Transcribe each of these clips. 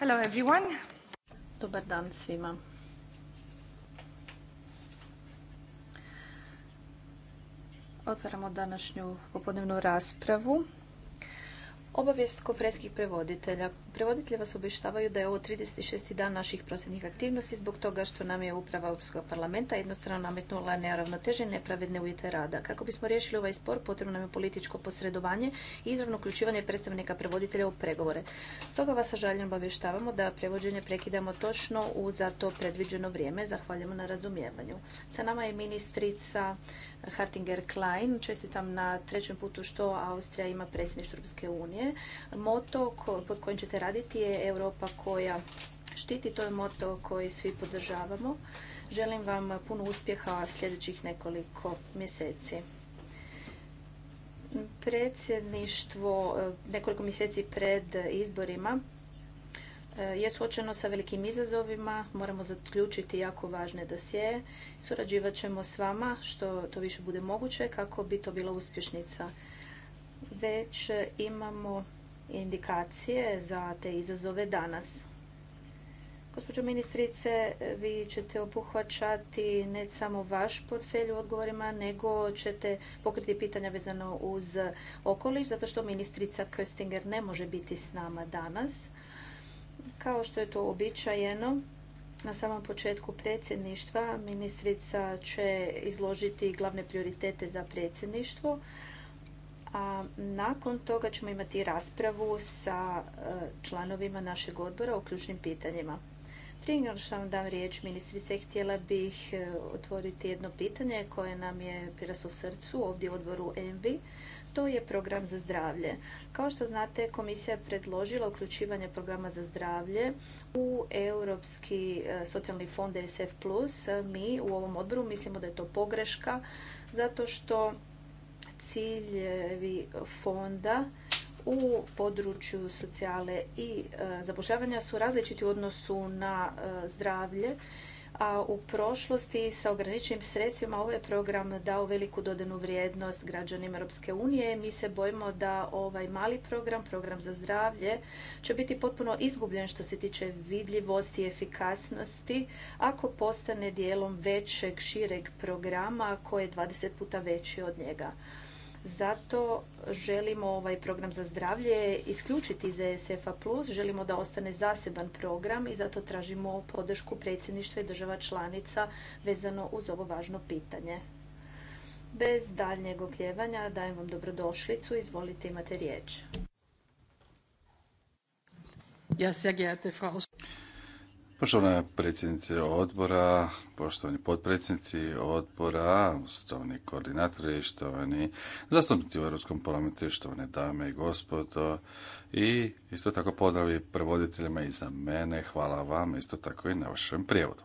Hello everyone. Dobar dan svima. Otvaramo današnju popodnevnu raspravu. Obavijest Kofreskih prevoditelja Prevoditelji vas obještavaju da je ovo 36. dan naših prosvjednih aktivnosti zbog toga što nam je uprava Europskog parlamenta jednostrano nametnula neravnoteže i nepravedne uvjete rada. Kako bismo riješili ovaj spor, potrebno nam je političko posredovanje i izravno uključivanje predstavnika prevoditelja u pregovore. Stoga vas sa žaljem obavještavamo da prevođenje prekidamo točno u za to predviđeno vrijeme. Zahvaljujemo na razumijevanju. Sa nama je ministrica Hartinger Klein. Čestitam na trećem putu što Austrija ima predsjedništvo Europske unije. Moto pod kojim ćete raditi je Europa koja štiti, to je moto koji svi podržavamo. Želim vam puno uspjeha sljedećih nekoliko mjeseci. Predsjedništvo e, nekoliko mjeseci pred izborima e, je suočeno sa velikim izazovima, moramo zaključiti jako važne dosije. Surađivat ćemo s vama što to više bude moguće kako bi to bila uspješnica. Već imamo indikacije za te izazove danas. Gospođo ministrice, vi ćete obuhvaćati ne samo vaš portfelj u odgovorima, nego ćete pokriti pitanja vezano uz okoliš, zato što ministrica Köstinger ne može biti s nama danas. Kao što je to običajeno, na samom početku predsjedništva ministrica će izložiti glavne prioritete za predsjedništvo, a nakon toga ćemo imati raspravu sa e, članovima našeg odbora o ključnim pitanjima. Prije nego što vam dam riječ ministrice, htjela bih e, otvoriti jedno pitanje koje nam je u srcu ovdje u odboru ENVI. To je program za zdravlje. Kao što znate, komisija je predložila uključivanje programa za zdravlje u Europski e, socijalni fond SF+. Mi u ovom odboru mislimo da je to pogreška zato što ciljevi fonda u području socijale i e, zapošljavanja su različiti u odnosu na e, zdravlje, a u prošlosti sa ograničenim sredstvima ovaj program dao veliku dodanu vrijednost građanima Europske unije. Mi se bojimo da ovaj mali program, program za zdravlje, će biti potpuno izgubljen što se tiče vidljivosti i efikasnosti ako postane dijelom većeg, šireg programa koji je 20 puta veći od njega. Zato želimo ovaj program za zdravlje isključiti iz ESF-a+, želimo da ostane zaseban program i zato tražimo podršku predsjedništva i država članica vezano uz ovo važno pitanje. Bez daljnjeg okljevanja dajem vam dobrodošlicu, izvolite imate riječ. Ja, Poštovana predsjednice odbora, poštovani potpredsjednici odbora, ustavni koordinatori, štovani zastupnici u Europskom parlamentu, štovane dame i gospodo, i isto tako pozdravi prevoditeljima iza mene, hvala vam isto tako i na vašem prijevodu.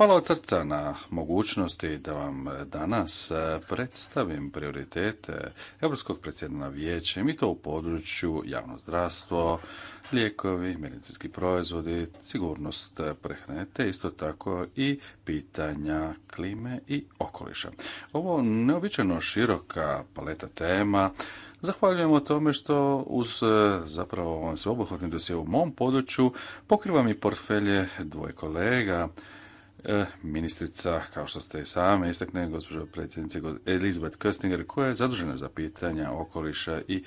Hvala od srca na mogućnosti da vam danas e, predstavim prioritete Europskog predsjedna vijećem i to u području javno zdravstvo, lijekovi, medicinski proizvodi, sigurnost prehrane, isto tako i pitanja klime i okoliša. Ovo neobičajno široka paleta tema Zahvaljujemo tome što uz e, zapravo ovom sveobuhvatni dosje u mom području pokrivam i portfelje dvoje kolega E, ministrica, kao što ste i sami istakne, gospođo predsjednice Elizabeth Köstinger, koja je zadužena za pitanja okoliša i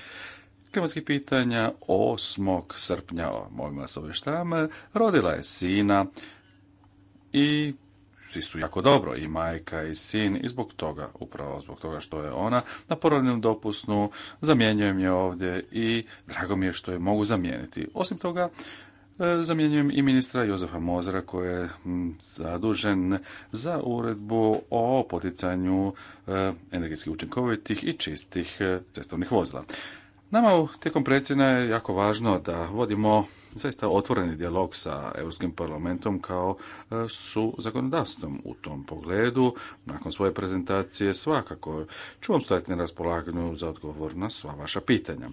klimatskih pitanja 8. srpnja, molim vas me. rodila je sina i svi su jako dobro, i majka i sin, i zbog toga, upravo zbog toga što je ona na porodnom dopusnu, zamjenjujem je ovdje i drago mi je što je mogu zamijeniti. Osim toga, E, zamjenjujem i ministra Jozefa Mozara koji je zadužen za uredbu o poticanju e, energetski učinkovitih i čistih e, cestovnih vozila. Nama tijekom predsjedna je jako važno da vodimo zaista otvoreni dijalog sa Europskim parlamentom kao su zakonodavstvom u tom pogledu. Nakon svoje prezentacije svakako ću vam stojati na raspolaganju za odgovor na sva vaša pitanja.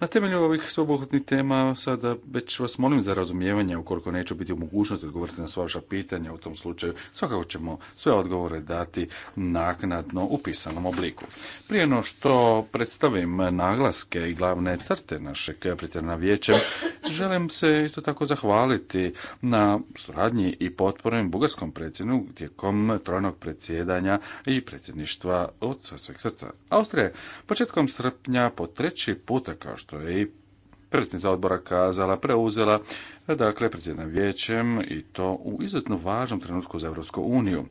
Na temelju ovih sveobuhvatnih tema sada već vas molim za razumijevanje ukoliko neću biti u mogućnosti odgovoriti na sva vaša pitanja u tom slučaju. Svakako ćemo sve odgovore dati naknadno u pisanom obliku. Prije no što predstavim naglaske i glavne crte našeg kapitalna vijećem, Želim se isto tako zahvaliti na suradnji i potporom bugarskom predsjednu tijekom trojnog predsjedanja i predsjedništva od sveg srca. Austrija je početkom srpnja po treći puta, kao što je i predsjednica odbora kazala, preuzela dakle predsjedna vijećem i to u izuzetno važnom trenutku za Europsku uniju.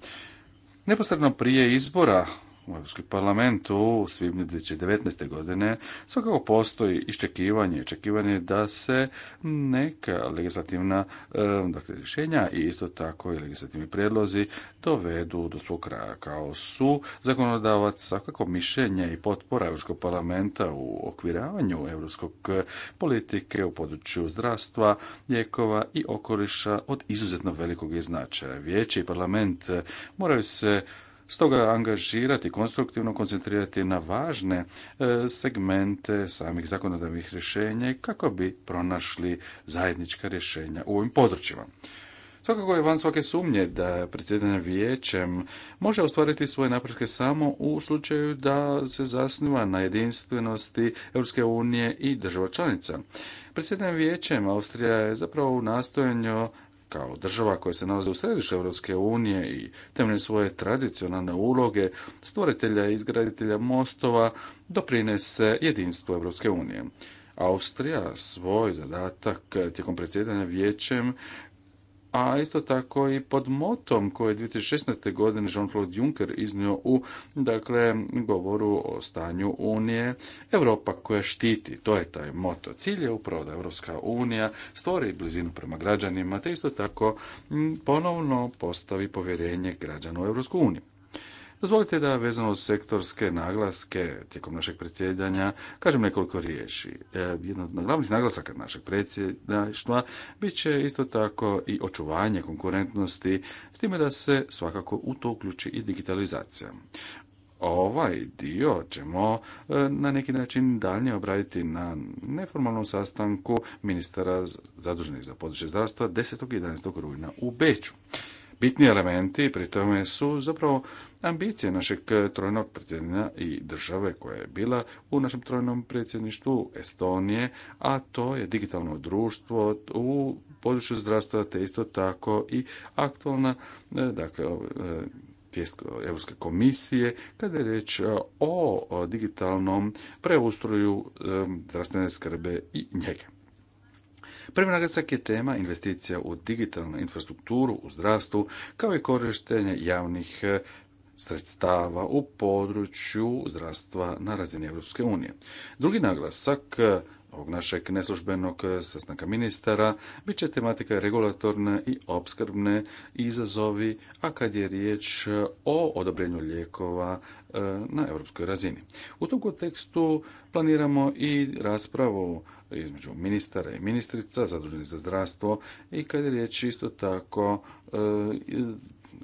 Neposredno prije izbora u Europskom parlamentu u svibnju 2019. godine svakako postoji iščekivanje, očekivanje da se neka legislativna e, dakle, rješenja i isto tako i legislativni predlozi dovedu do svog kraja kao su zakonodavac svakako mišljenje i potpora Europskog parlamenta u okviravanju europskog politike u području zdravstva, lijekova i okoliša od izuzetno velikog značaja. Vijeće i parlament moraju se Stoga angažirati, konstruktivno koncentrirati na važne e, segmente samih zakonodavnih rješenja kako bi pronašli zajednička rješenja u ovim područjima. Svakako je van svake sumnje da predsjedanje vijećem može ostvariti svoje napretke samo u slučaju da se zasniva na jedinstvenosti Europske unije i država članica. Predsjedanje vijećem Austrija je zapravo u nastojanju kao država koja se nalazi u središu Europske unije i temeljem svoje tradicionalne uloge stvoritelja i izgraditelja mostova doprinese jedinstvu Europske unije. Austrija svoj zadatak tijekom predsjedanja vijećem a isto tako i pod motom koje je 2016. godine Jean-Claude Juncker iznio u dakle, govoru o stanju Unije, Europa koja štiti, to je taj moto. Cilj je upravo da Europska unija stvori blizinu prema građanima, te isto tako ponovno postavi povjerenje građana u Europsku uniju. Dozvolite da vezano uz sektorske naglaske tijekom našeg predsjedanja kažem nekoliko riječi. E, Jedna od glavnih naglasaka našeg predsjedaštva bit će isto tako i očuvanje konkurentnosti s time da se svakako u to uključi i digitalizacija ovaj dio ćemo e, na neki način dalje obraditi na neformalnom sastanku ministara zaduženih za područje zdravstva 10. i 11. rujna u Beću. Bitni elementi pri tome su zapravo ambicije našeg trojnog predsjedanja i države koja je bila u našem trojnom predsjedništvu Estonije, a to je digitalno društvo u području zdravstva, te isto tako i aktualna e, dakle, e, Europske komisije kada je riječ o digitalnom preustroju e, zdravstvene skrbe i njege. Prvi naglasak je tema investicija u digitalnu infrastrukturu u zdravstvu kao i korištenje javnih eh, sredstava u području zdravstva na razini Europske unije. Drugi naglasak eh, ovog našeg neslužbenog eh, sastanka ministara bit će tematika regulatorne i opskrbne izazovi, a kad je riječ eh, o odobrenju lijekova eh, na europskoj razini. U tom kontekstu planiramo i raspravu između ministara i ministrica zaduženih za zdravstvo i kad je riječ isto tako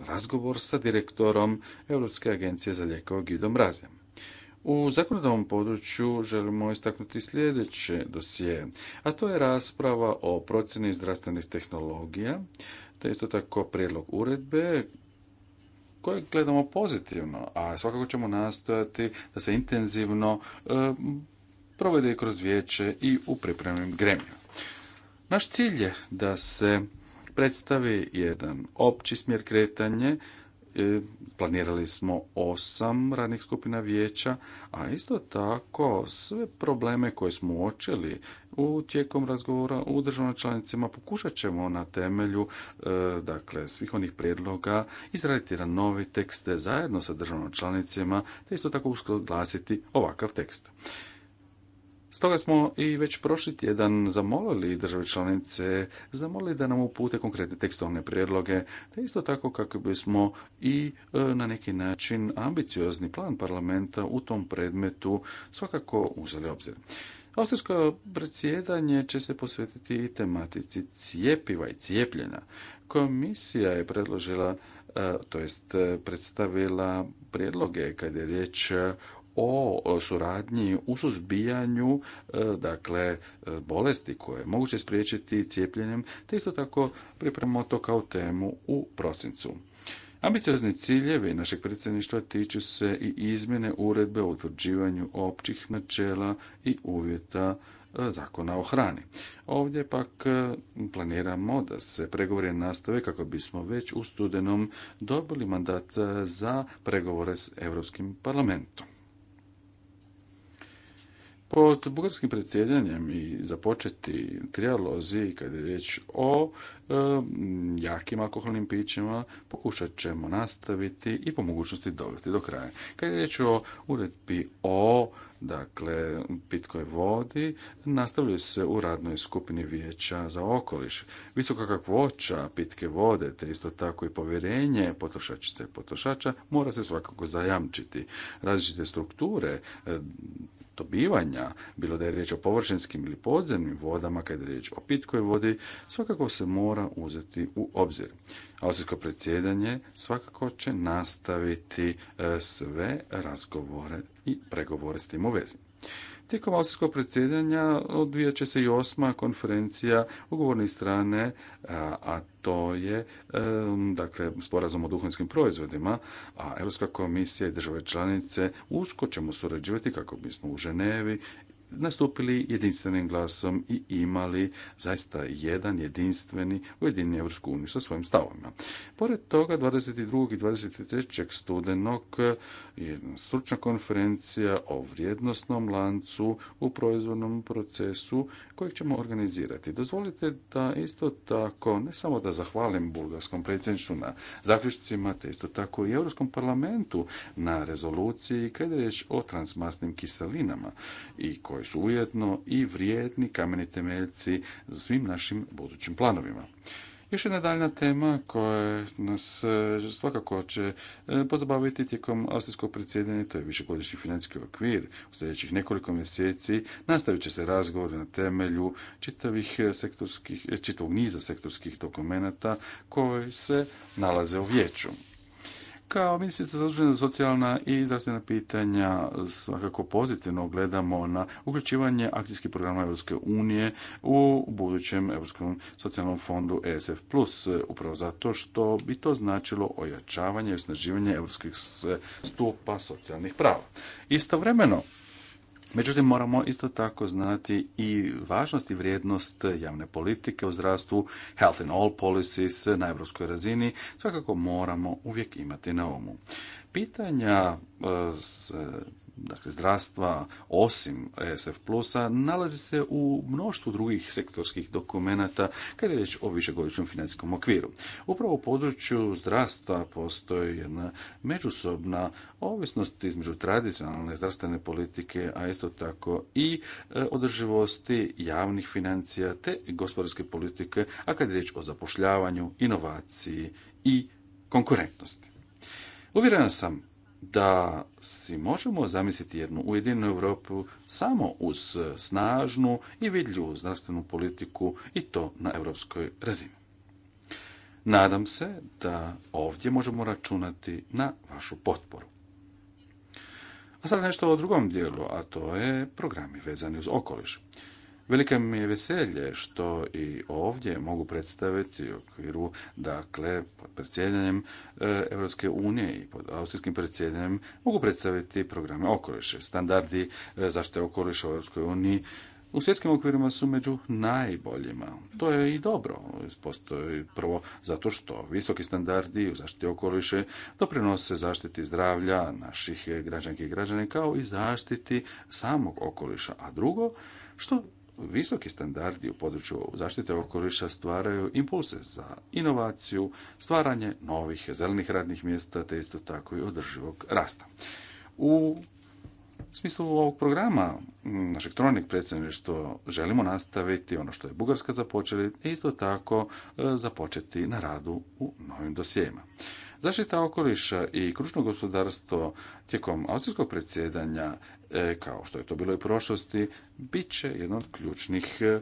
razgovor sa direktorom Europske agencije za lijekove Gidom Razjem. U zakonodavnom području želimo istaknuti sljedeće dosije, a to je rasprava o procjeni zdravstvenih tehnologija, te isto tako prijedlog uredbe koje gledamo pozitivno, a svakako ćemo nastojati da se intenzivno e, provede i kroz vijeće i u pripremnim gremljima. Naš cilj je da se predstavi jedan opći smjer kretanje E, planirali smo osam radnih skupina vijeća, a isto tako sve probleme koje smo uočili u tijekom razgovora u državnim članicama pokušat ćemo na temelju e, dakle, svih onih prijedloga izraditi jedan novi tekst zajedno sa državnim članicama te isto tako usuglasiti ovakav tekst. Stoga smo i već prošli tjedan zamolili države članice, zamolili da nam upute konkretne tekstovne prijedloge, te isto tako kako bismo i e, na neki način ambiciozni plan parlamenta u tom predmetu svakako uzeli obzir. Austrijsko predsjedanje će se posvetiti i tematici cijepiva i cijepljenja. Komisija je predložila e, to jest e, predstavila prijedloge kada je riječ o suradnji u suzbijanju e, dakle e, bolesti koje je moguće spriječiti cijepljenjem, te isto tako pripremamo to kao temu u prosincu. Ambiciozni ciljevi našeg predsjedništva tiču se i izmjene uredbe o utvrđivanju općih načela i uvjeta e, zakona o hrani. Ovdje pak planiramo da se pregovore nastave kako bismo već u studenom dobili mandat za pregovore s Europskim parlamentom. Pod bugarskim predsjedanjem i započeti trijalozi kad je riječ o e, jakim alkoholnim pićima pokušat ćemo nastaviti i po mogućnosti dovesti do kraja. Kad je riječ o uredbi o dakle pitkoj vodi nastavljaju se u radnoj skupini vijeća za okoliš. Visoka kakvoća pitke vode te isto tako i povjerenje potrošačice i potrošača mora se svakako zajamčiti. Različite strukture e, dobivanja, bilo da je riječ o površinskim ili podzemnim vodama, kad je riječ o pitkoj vodi, svakako se mora uzeti u obzir. Austrijsko predsjedanje svakako će nastaviti e, sve razgovore i pregovore s tim u vezi. Tijekom austrijskog predsjedanja odvijat će se i osma konferencija ugovorne strane, a to je dakle, sporazum o duhanskim proizvodima, a Europska komisija i države članice usko ćemo surađivati kako bismo u Ženevi nastupili jedinstvenim glasom i imali zaista jedan jedinstveni ujedinjeni Evropsku uniju sa svojim stavovima. Pored toga, 22. i 23. studenog je stručna konferencija o vrijednostnom lancu u proizvodnom procesu kojeg ćemo organizirati. Dozvolite da isto tako, ne samo da zahvalim bulgarskom predsjedništvu na zaključcima, te isto tako i Europskom parlamentu na rezoluciji kada je riječ o transmasnim kiselinama i koje koji su ujedno i vrijedni kameni temeljci za svim našim budućim planovima. Još jedna daljna tema koja nas e, svakako će e, pozabaviti tijekom austrijskog predsjedanja, to je višegodišnji financijski okvir. U sljedećih nekoliko mjeseci nastavit će se razgovor na temelju čitavih sektorskih, e, čitavog niza sektorskih dokumenata koji se nalaze u vijeću. Kao ministrica zadužena socijalna i zdravstvena pitanja svakako pozitivno gledamo na uključivanje akcijskih programa Europske unije u budućem Europskom socijalnom fondu ESF+, e, upravo zato što bi to značilo ojačavanje i osnaživanje europskih stupa socijalnih prava. Istovremeno, Međutim, moramo isto tako znati i važnost i vrijednost javne politike u zdravstvu, health in all policies na evropskoj razini, svakako moramo uvijek imati na umu. Pitanja e, dakle, zdravstva, osim ESF plusa, nalazi se u mnoštvu drugih sektorskih dokumenata kada je riječ o višegodišnjem financijskom okviru. Upravo u području zdravstva postoji jedna međusobna ovisnost između tradicionalne zdravstvene politike, a isto tako i e, održivosti javnih financija te gospodarske politike, a kad je riječ o zapošljavanju, inovaciji i konkurentnosti. Uvjeren sam da si možemo zamisliti jednu ujedinu Europu samo uz snažnu i vidljivu zdravstvenu politiku i to na europskoj razini. Nadam se da ovdje možemo računati na vašu potporu. A sad nešto o drugom dijelu, a to je programi vezani uz okoliš. Velika mi je veselje što i ovdje mogu predstaviti u okviru, dakle, pod predsjedanjem Europske unije i pod austrijskim predsjedanjem mogu predstaviti programe okoliša, standardi e, zaštite okoliša u Europskoj uniji, u svjetskim okvirima su među najboljima. To je i dobro. Postoji prvo zato što visoki standardi u zaštiti okoliše doprinose zaštiti zdravlja naših građanki i građana kao i zaštiti samog okoliša. A drugo, što visoki standardi u području zaštite okoliša stvaraju impulse za inovaciju, stvaranje novih zelenih radnih mjesta, te isto tako i održivog rasta. U smislu ovog programa našeg tronik što želimo nastaviti ono što je Bugarska započeli i isto tako e, započeti na radu u novim dosijema. Zaštita okoliša i kružno gospodarstvo tijekom austrijskog predsjedanja E, kao što je to bilo i u prošlosti, bit će jedan od ključnih e,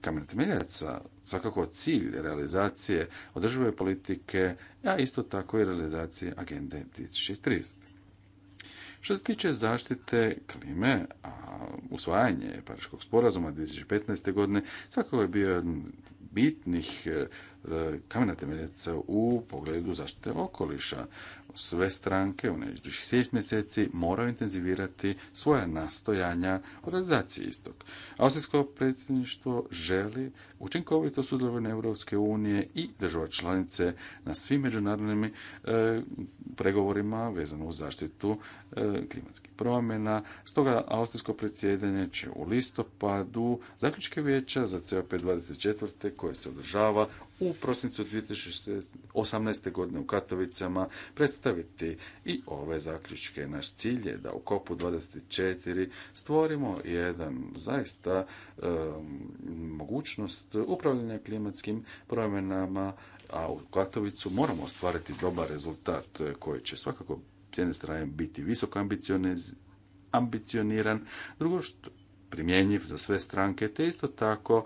kamen temeljaca, svakako cilj realizacije održive politike, a isto tako i realizacije agende 2030. Što se tiče zaštite klime, a usvajanje Pariškog sporazuma 2015. godine svakako je bio jedan bitnih e, kamena temeljaca u pogledu zaštite okoliša sve stranke u neđućih sjeć mjeseci moraju intenzivirati svoja nastojanja u realizaciji istog. Austrijsko predsjedništvo želi učinkovito sudjelovanje Europske unije i država članice na svim međunarodnim e, pregovorima vezano u zaštitu e, klimatskih promjena. Stoga austrijsko predsjedanje će u listopadu zaključke vijeća za COP24 koje se održava u prosincu 2018. godine u Katovicama predstaviti i ove zaključke. Naš cilj je da u kopu 24 stvorimo jedan zaista mogućnost upravljanja klimatskim promjenama, a u Katovicu moramo ostvariti dobar rezultat koji će svakako s jedne strane biti visoko ambicioniran, drugo što primjenjiv za sve stranke, te isto tako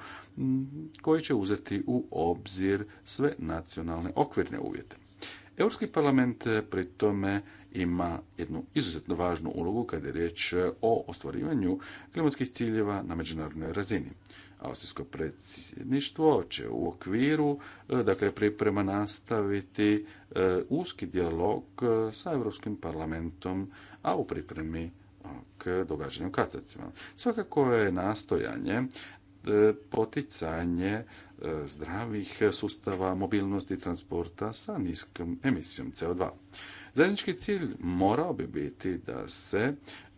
koji će uzeti u obzir sve nacionalne okvirne uvjete. Europski parlament e, pri tome ima jednu izuzetno važnu ulogu kada je riječ e, o ostvarivanju klimatskih ciljeva na međunarodnoj razini. Austrijsko predsjedništvo će u okviru e, dakle, priprema nastaviti uski dijalog sa Europskim parlamentom, a u pripremi k događanju katacima. Svakako je nastojanje e, poticanje e, zdravih sustava mobilnosti transporta sa niskom emisijom CO2. Zajednički cilj morao bi biti da se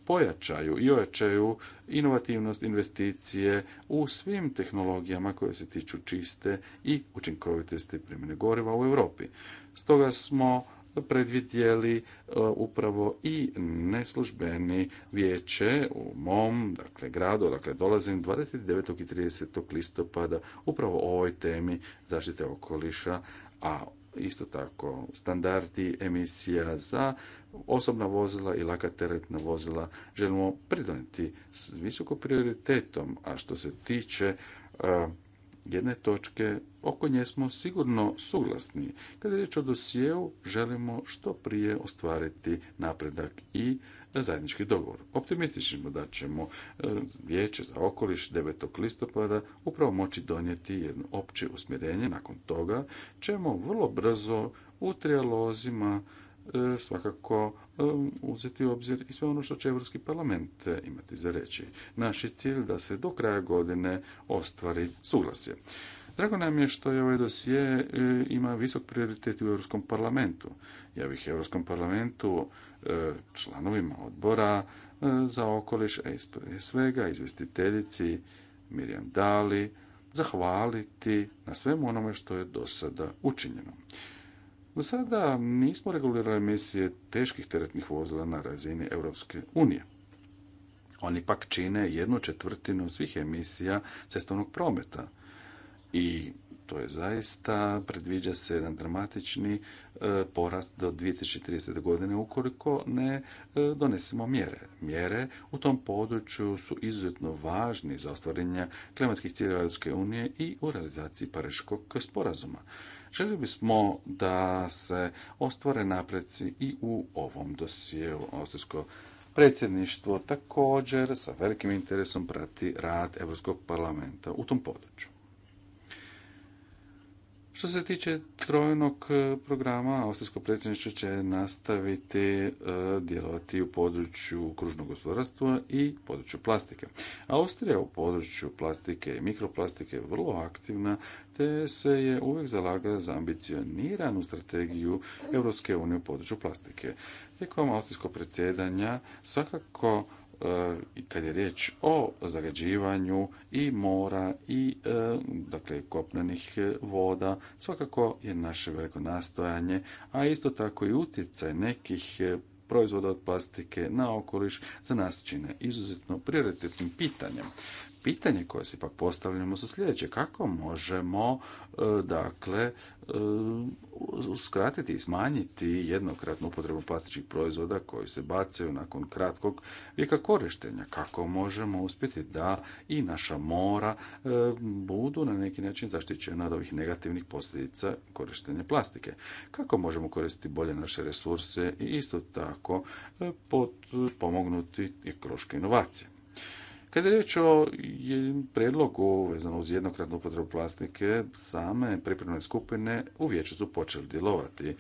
pojačaju i ojačaju inovativnost investicije u svim tehnologijama koje se tiču čiste i učinkovitosti primjene goriva u Europi. Stoga smo predvidjeli e, upravo i neslužbeni vijeće u mom dakle, gradu, dakle dolazim 29. i 30. listopada upravo o ovoj temi zaštite okoliša, a isto tako standardi emisija za osobna vozila i laka teretna vozila želimo pridoniti s visoko prioritetom, a što se tiče e, jedne točke, oko nje smo sigurno suglasni. Kada je riječ o dosijevu, želimo što prije ostvariti napredak i zajednički dogovor. Optimistični smo da ćemo e, vijeće za okoliš 9. listopada upravo moći donijeti jedno opće usmjerenje. Nakon toga ćemo vrlo brzo u trijalozima E, svakako e, uzeti u obzir i sve ono što će Europski parlament e, imati za reći. Naš je cilj da se do kraja godine ostvari suglasje. Drago nam je što je ovaj dosije ima visok prioritet u Europskom parlamentu. Ja bih Europskom parlamentu članovima odbora za okoliš, a svega izvestiteljici Mirjam Dali, zahvaliti na svemu onome što je do sada učinjeno. Do sada nismo regulirali emisije teških teretnih vozila na razini Europske unije. Oni pak čine jednu četvrtinu svih emisija cestovnog prometa i to je zaista, predviđa se jedan dramatični e, porast do 2030. godine ukoliko ne e, donesemo mjere. Mjere u tom području su izuzetno važni za ostvarenje klimatskih ciljeva Europske unije i u realizaciji Pariškog sporazuma želio bismo da se ostvore napreci i u ovom dosijelu Austrijsko predsjedništvo također sa velikim interesom prati rad Europskog parlamenta u tom području. Što se tiče trojnog e, programa, Austrijsko predsjedništvo će nastaviti e, djelovati u području kružnog gospodarstva i području plastike. Austrija u području plastike i mikroplastike je vrlo aktivna, te se je uvijek zalaga za ambicioniranu strategiju Europske unije u području plastike. Tijekom austrijskog predsjedanja svakako E, kad je riječ o zagađivanju i mora i e, dakle kopnenih e, voda svakako je naše veliko nastojanje a isto tako i utjecaj nekih proizvoda od plastike na okoliš za nas čine izuzetno prioritetnim pitanjem. Pitanje koje se pak postavljamo su sljedeće. Kako možemo e, dakle e, uskratiti i smanjiti jednokratnu upotrebu plastičnih proizvoda koji se bacaju nakon kratkog vijeka korištenja? Kako možemo uspjeti da i naša mora e, budu na neki način zaštićena od ovih negativnih posljedica korištenja plastike? Kako možemo koristiti bolje naše resurse i isto tako pomognuti ekološke inovacije? Kad je riječ o predlogu vezano uz jednokratnu upotrebu plastike, same pripremne skupine u vijeću su počeli djelovati.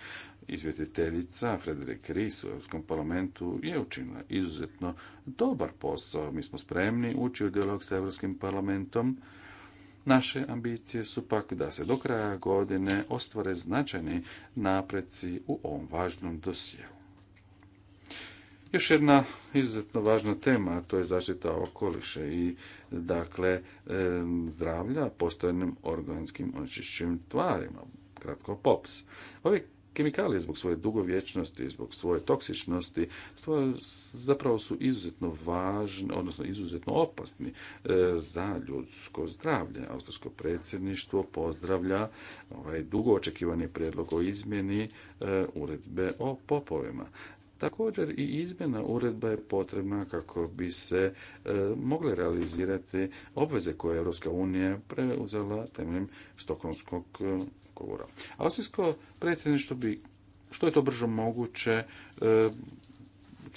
Izvjetiteljica Frederik Ries u Europskom parlamentu je učinila izuzetno dobar posao. Mi smo spremni ući u dijalog sa Europskim parlamentom. Naše ambicije su pak da se do kraja godine ostvare značajni napreci u ovom važnom dosjeu. Još jedna izuzetno važna tema, a to je zaštita okoliša i dakle e, zdravlja postojanim organskim očišćim tvarima, kratko POPS. Ove kemikalije zbog svoje dugovječnosti, zbog svoje toksičnosti, zapravo su izuzetno važni, odnosno izuzetno opasni e, za ljudsko zdravlje. Australsko predsjedništvo pozdravlja ovaj dugo očekivani prijedlog o izmjeni e, uredbe o popovima. Također i izmjena uredba je potrebna kako bi se e, mogle realizirati obveze koje je Europska unija preuzela temeljem stokholmskog e, govora. Austrijsko predsjedništvo bi što je to brže moguće e,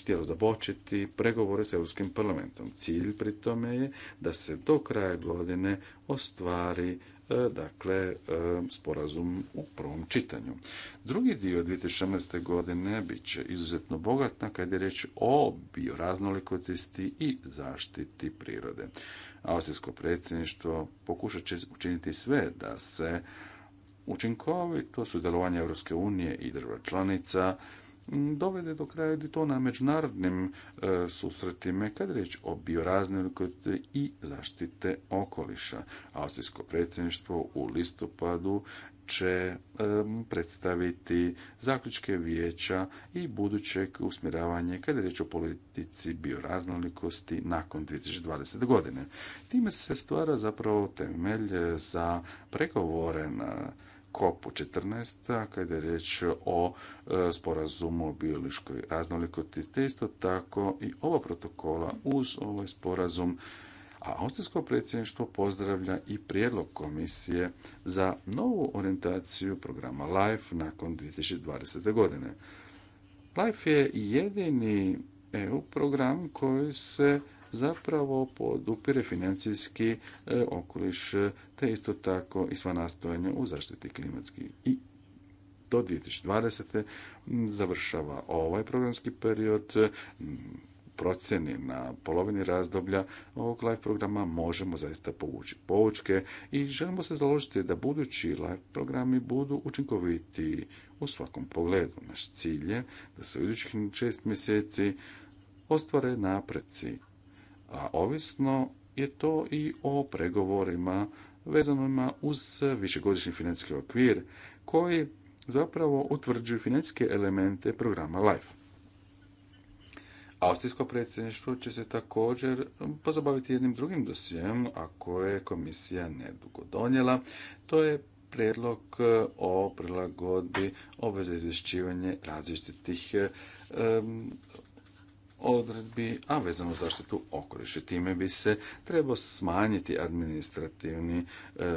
htjelo započeti pregovore s Europskim parlamentom. Cilj pri tome je da se do kraja godine ostvari E, dakle, e, sporazum u prvom čitanju. Drugi dio 2016. godine bit će izuzetno bogatna kada je reč o bioraznolikosti i zaštiti prirode. Austrijsko predsjedništvo pokušat će učiniti sve da se učinkovito sudjelovanje Europske unije i država članica dovede do kraja to na međunarodnim e, susretima kad je o bioraznolikosti i zaštite okoliša. Austrijsko predsjedništvo u listopadu će e, predstaviti zaključke vijeća i budućeg usmjeravanje kada je o politici bioraznolikosti nakon 2020. godine. Time se stvara zapravo temelj za pregovore na COP14, kada je riječ o e, sporazumu o biološkoj raznolikosti, te isto tako i ova protokola uz ovaj sporazum a austrijsko predsjedništvo pozdravlja i prijedlog komisije za novu orijentaciju programa LIFE nakon 2020. godine. LIFE je jedini EU program koji se zapravo podupire financijski e, okoliš, te isto tako i sva nastojanja u zaštiti klimatski. i do 2020. završava ovaj programski period procjeni na polovini razdoblja ovog live programa možemo zaista povući poučke i želimo se založiti da budući live programi budu učinkoviti u svakom pogledu. Naš cilj je da se u idućih šest mjeseci ostvare napreci a ovisno je to i o pregovorima vezanima uz višegodišnji financijski okvir koji zapravo utvrđuju financijske elemente programa LIFE. Austrijsko predsjedništvo će se također pozabaviti jednim drugim dosijem, a koje je komisija nedugo donijela. To je prijedlog o prilagodbi obveze izvješćivanje različitih odredbi, a vezano zaštitu okoliša. Time bi se trebao smanjiti administrativni e,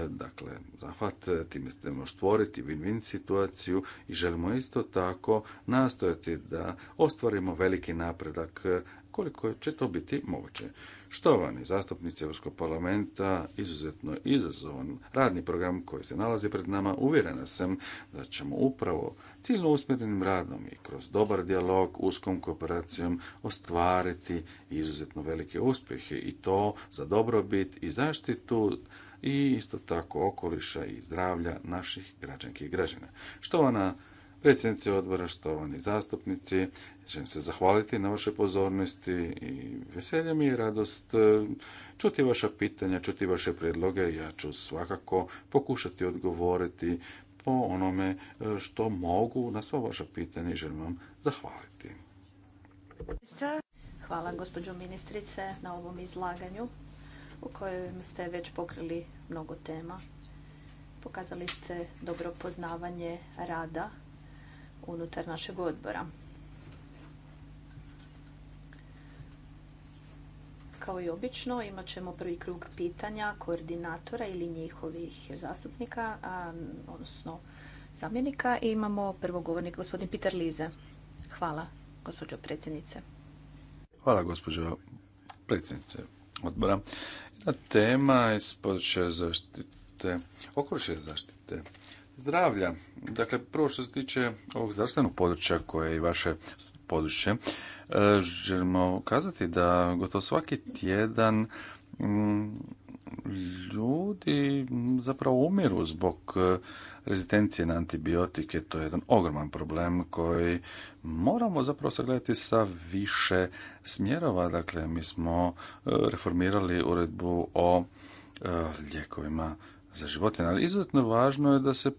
dakle, zahvat, time trebamo stvoriti win-win situaciju i želimo isto tako nastojati da ostvarimo veliki napredak koliko će to biti moguće. Štovani zastupnici Europskog parlamenta, izuzetno izazovan radni program koji se nalazi pred nama, uvjerena sam da ćemo upravo ciljno usmjerenim radom i kroz dobar dijalog, uskom kooperacijom ostvariti izuzetno velike uspjehe i to za dobrobit i zaštitu i isto tako okoliša i zdravlja naših građanki i građana. Štovana predsjednici odbora, štovani zastupnici. Želim se zahvaliti na vašoj pozornosti i veselje mi je radost e, čuti vaša pitanja, čuti vaše predloge. Ja ću svakako pokušati odgovoriti po onome e, što mogu na sva vaša pitanja i želim vam zahvaliti. Hvala gospođo ministrice na ovom izlaganju u kojem ste već pokrili mnogo tema. Pokazali ste dobro poznavanje rada unutar našeg odbora. Kao i obično imat ćemo prvi krug pitanja koordinatora ili njihovih zastupnika, odnosno zamjenika. imamo prvo govornik gospodin Peter Lize. Hvala, gospođo predsjednice. Hvala, gospođo predsjednice odbora. Jedna tema je područja zaštite, zaštite zdravlja. Dakle, prvo što se tiče ovog zdravstvenog područja koje je vaše područje, e, želimo ukazati da gotovo svaki tjedan mm, ljudi zapravo umiru zbog e, rezistencije na antibiotike. To je jedan ogroman problem koji moramo zapravo sagledati sa više smjerova. Dakle, mi smo e, reformirali uredbu o lijekovima za životinje, ali izuzetno važno je da se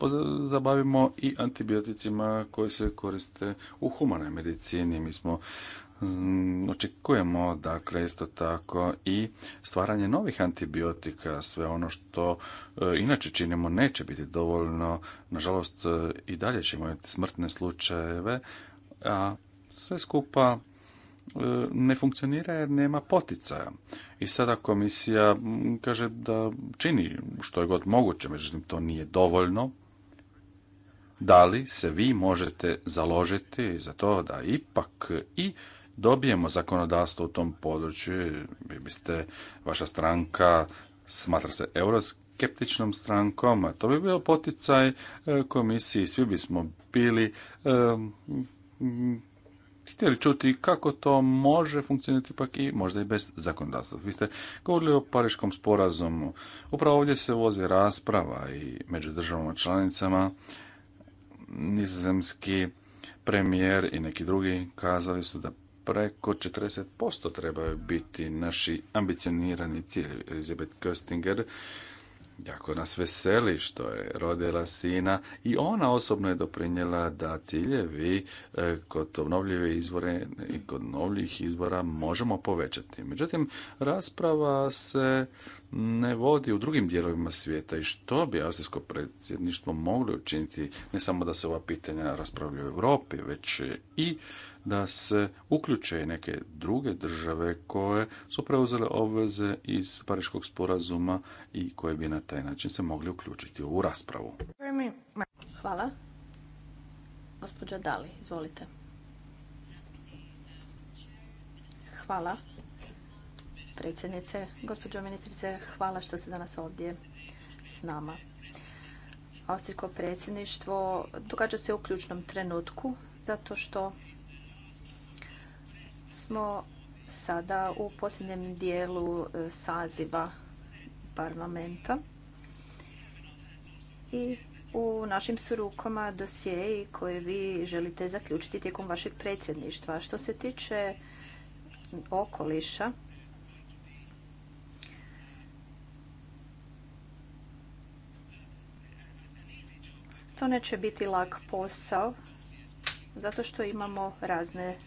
zabavimo i antibioticima koji se koriste u humanoj medicini. Mi smo mm, očekujemo dakle isto tako i stvaranje novih antibiotika sve ono što e, inače činimo neće biti dovoljno nažalost e, i dalje ćemo imati smrtne slučajeve a sve skupa E, ne funkcionira jer nema poticaja. I sada komisija kaže da čini što je god moguće, međutim to nije dovoljno. Da li se vi možete založiti za to da ipak i dobijemo zakonodavstvo u tom području, vi biste, vaša stranka smatra se euroskeptičnom strankom, a to bi bio poticaj e, komisiji, svi bismo bili e, htjeli čuti kako to može funkcionirati ipak i možda i bez zakonodavstva. Vi ste govorili o Pariškom sporazumu. Upravo ovdje se vozi rasprava i među državama članicama nizozemski premijer i neki drugi kazali su da preko 40% trebaju biti naši ambicionirani cilj Elizabeth Köstinger Jako nas veseli što je rodila sina i ona osobno je doprinjela da ciljevi e, kod obnovljive izvore i kod obnovljivih izvora možemo povećati. Međutim, rasprava se ne vodi u drugim dijelovima svijeta i što bi austrijsko predsjedništvo moglo učiniti ne samo da se ova pitanja raspravljaju u Europi, već i da se uključe neke druge države koje su preuzele obveze iz Pariškog sporazuma i koje bi na taj način se mogli uključiti u ovu raspravu. Hvala. Gospođa Dali, izvolite. Hvala. Predsjednice, gospođo ministrice, hvala što ste danas ovdje s nama. Austrijsko predsjedništvo događa se u ključnom trenutku zato što smo sada u posljednjem dijelu e, saziva parlamenta i u našim su rukama dosjeji koje vi želite zaključiti tijekom vašeg predsjedništva. Što se tiče okoliša, to neće biti lak posao zato što imamo razne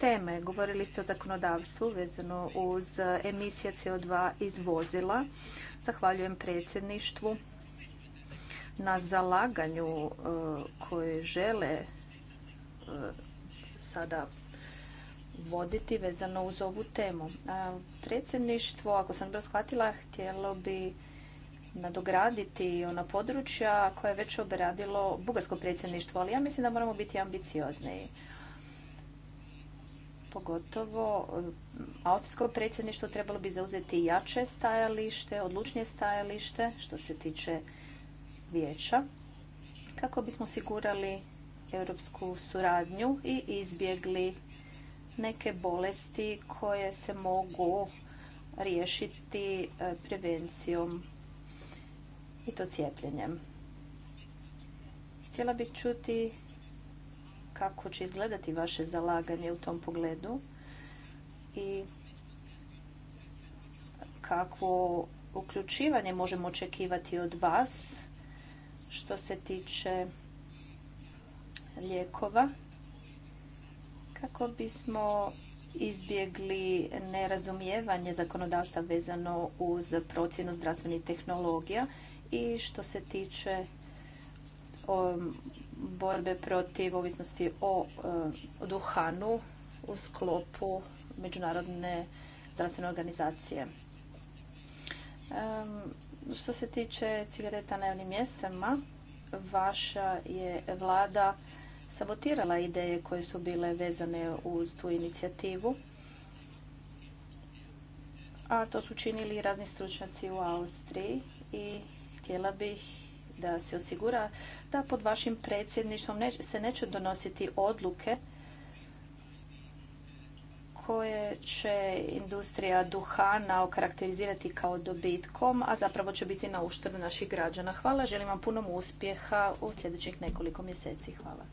teme. Govorili ste o zakonodavstvu vezano uz emisije CO2 iz vozila. Zahvaljujem predsjedništvu na zalaganju e, koje žele e, sada voditi vezano uz ovu temu. Predsjedništvo, ako sam dobro shvatila, htjelo bi nadograditi ona područja koja je već obradilo bugarsko predsjedništvo, ali ja mislim da moramo biti ambiciozniji pogotovo um, austrijsko predsjedništvo trebalo bi zauzeti jače stajalište, odlučnije stajalište što se tiče vijeća kako bismo osigurali europsku suradnju i izbjegli neke bolesti koje se mogu riješiti e, prevencijom i to cijepljenjem. Htjela bih čuti kako će izgledati vaše zalaganje u tom pogledu i kako uključivanje možemo očekivati od vas što se tiče lijekova kako bismo izbjegli nerazumijevanje zakonodavstva vezano uz procjenu zdravstvenih tehnologija i što se tiče um, borbe protiv ovisnosti o e, duhanu u sklopu Međunarodne zdravstvene organizacije. Što se tiče cigareta na javnim mjestima, vaša je vlada sabotirala ideje koje su bile vezane uz tu inicijativu. A to su činili razni stručnjaci u Austriji i htjela bih da se osigura da pod vašim predsjedništvom se neće donositi odluke koje će industrija duhana okarakterizirati kao dobitkom, a zapravo će biti na uštrb naših građana. Hvala, želim vam puno uspjeha u sljedećih nekoliko mjeseci. Hvala.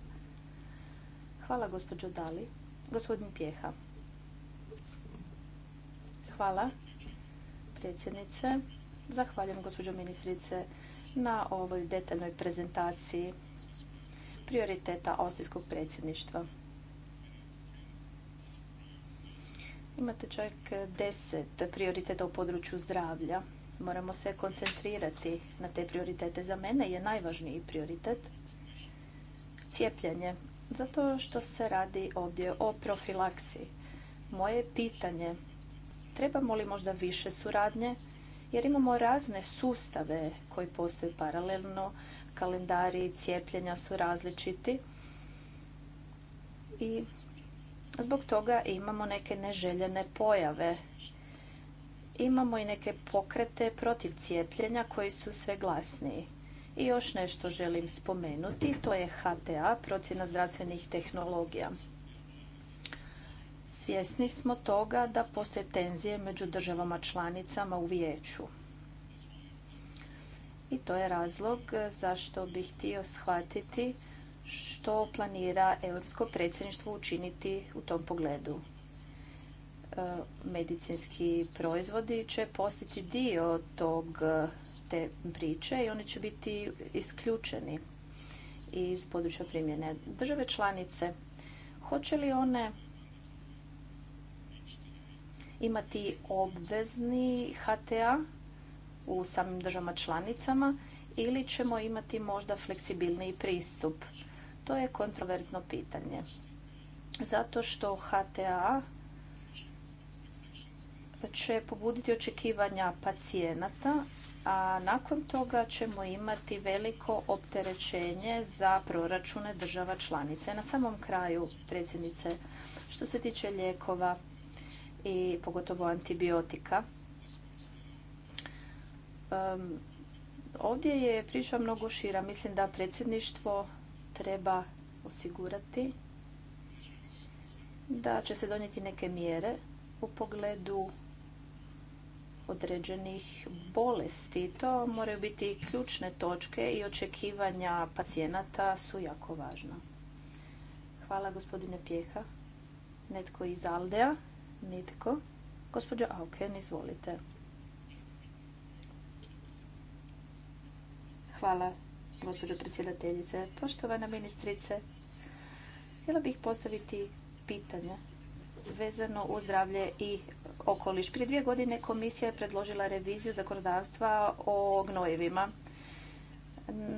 Hvala, gospođo Dali. Gospodin Pjeha. Hvala, predsjednice. Zahvaljujem, gospođo ministrice na ovoj detaljnoj prezentaciji prioriteta Austrijskog predsjedništva. Imate čak deset prioriteta u području zdravlja. Moramo se koncentrirati na te prioritete. Za mene je najvažniji prioritet cijepljenje, zato što se radi ovdje o profilaksiji. Moje pitanje, trebamo li možda više suradnje jer imamo razne sustave koji postoje paralelno, kalendari cijepljenja su različiti i zbog toga imamo neke neželjene pojave. Imamo i neke pokrete protiv cijepljenja koji su sve glasniji. I još nešto želim spomenuti, to je HTA, procjena zdravstvenih tehnologija. Svjesni smo toga da postoje tenzije među državama članicama u vijeću. I to je razlog zašto bih htio shvatiti što planira Europsko predsjedništvo učiniti u tom pogledu. E, medicinski proizvodi će postati dio tog te priče i oni će biti isključeni iz područja primjene države članice. Hoće li one imati obvezni HTA u samim državama članicama ili ćemo imati možda fleksibilniji pristup? To je kontroverzno pitanje. Zato što HTA će pobuditi očekivanja pacijenata, a nakon toga ćemo imati veliko opterećenje za proračune država članice. Na samom kraju, predsjednice, što se tiče lijekova, i pogotovo antibiotika. ovdje je priča mnogo šira. Mislim da predsjedništvo treba osigurati da će se donijeti neke mjere u pogledu određenih bolesti. To moraju biti ključne točke i očekivanja pacijenata su jako važna. Hvala gospodine Pjeha. Netko iz Aldea Nitko. Gospođa Auken, izvolite. Hvala, gospođo predsjedateljice. Poštovana ministrice, htjela bih postaviti pitanje vezano uz zdravlje i okoliš. Prije dvije godine komisija je predložila reviziju zakonodavstva o gnojevima.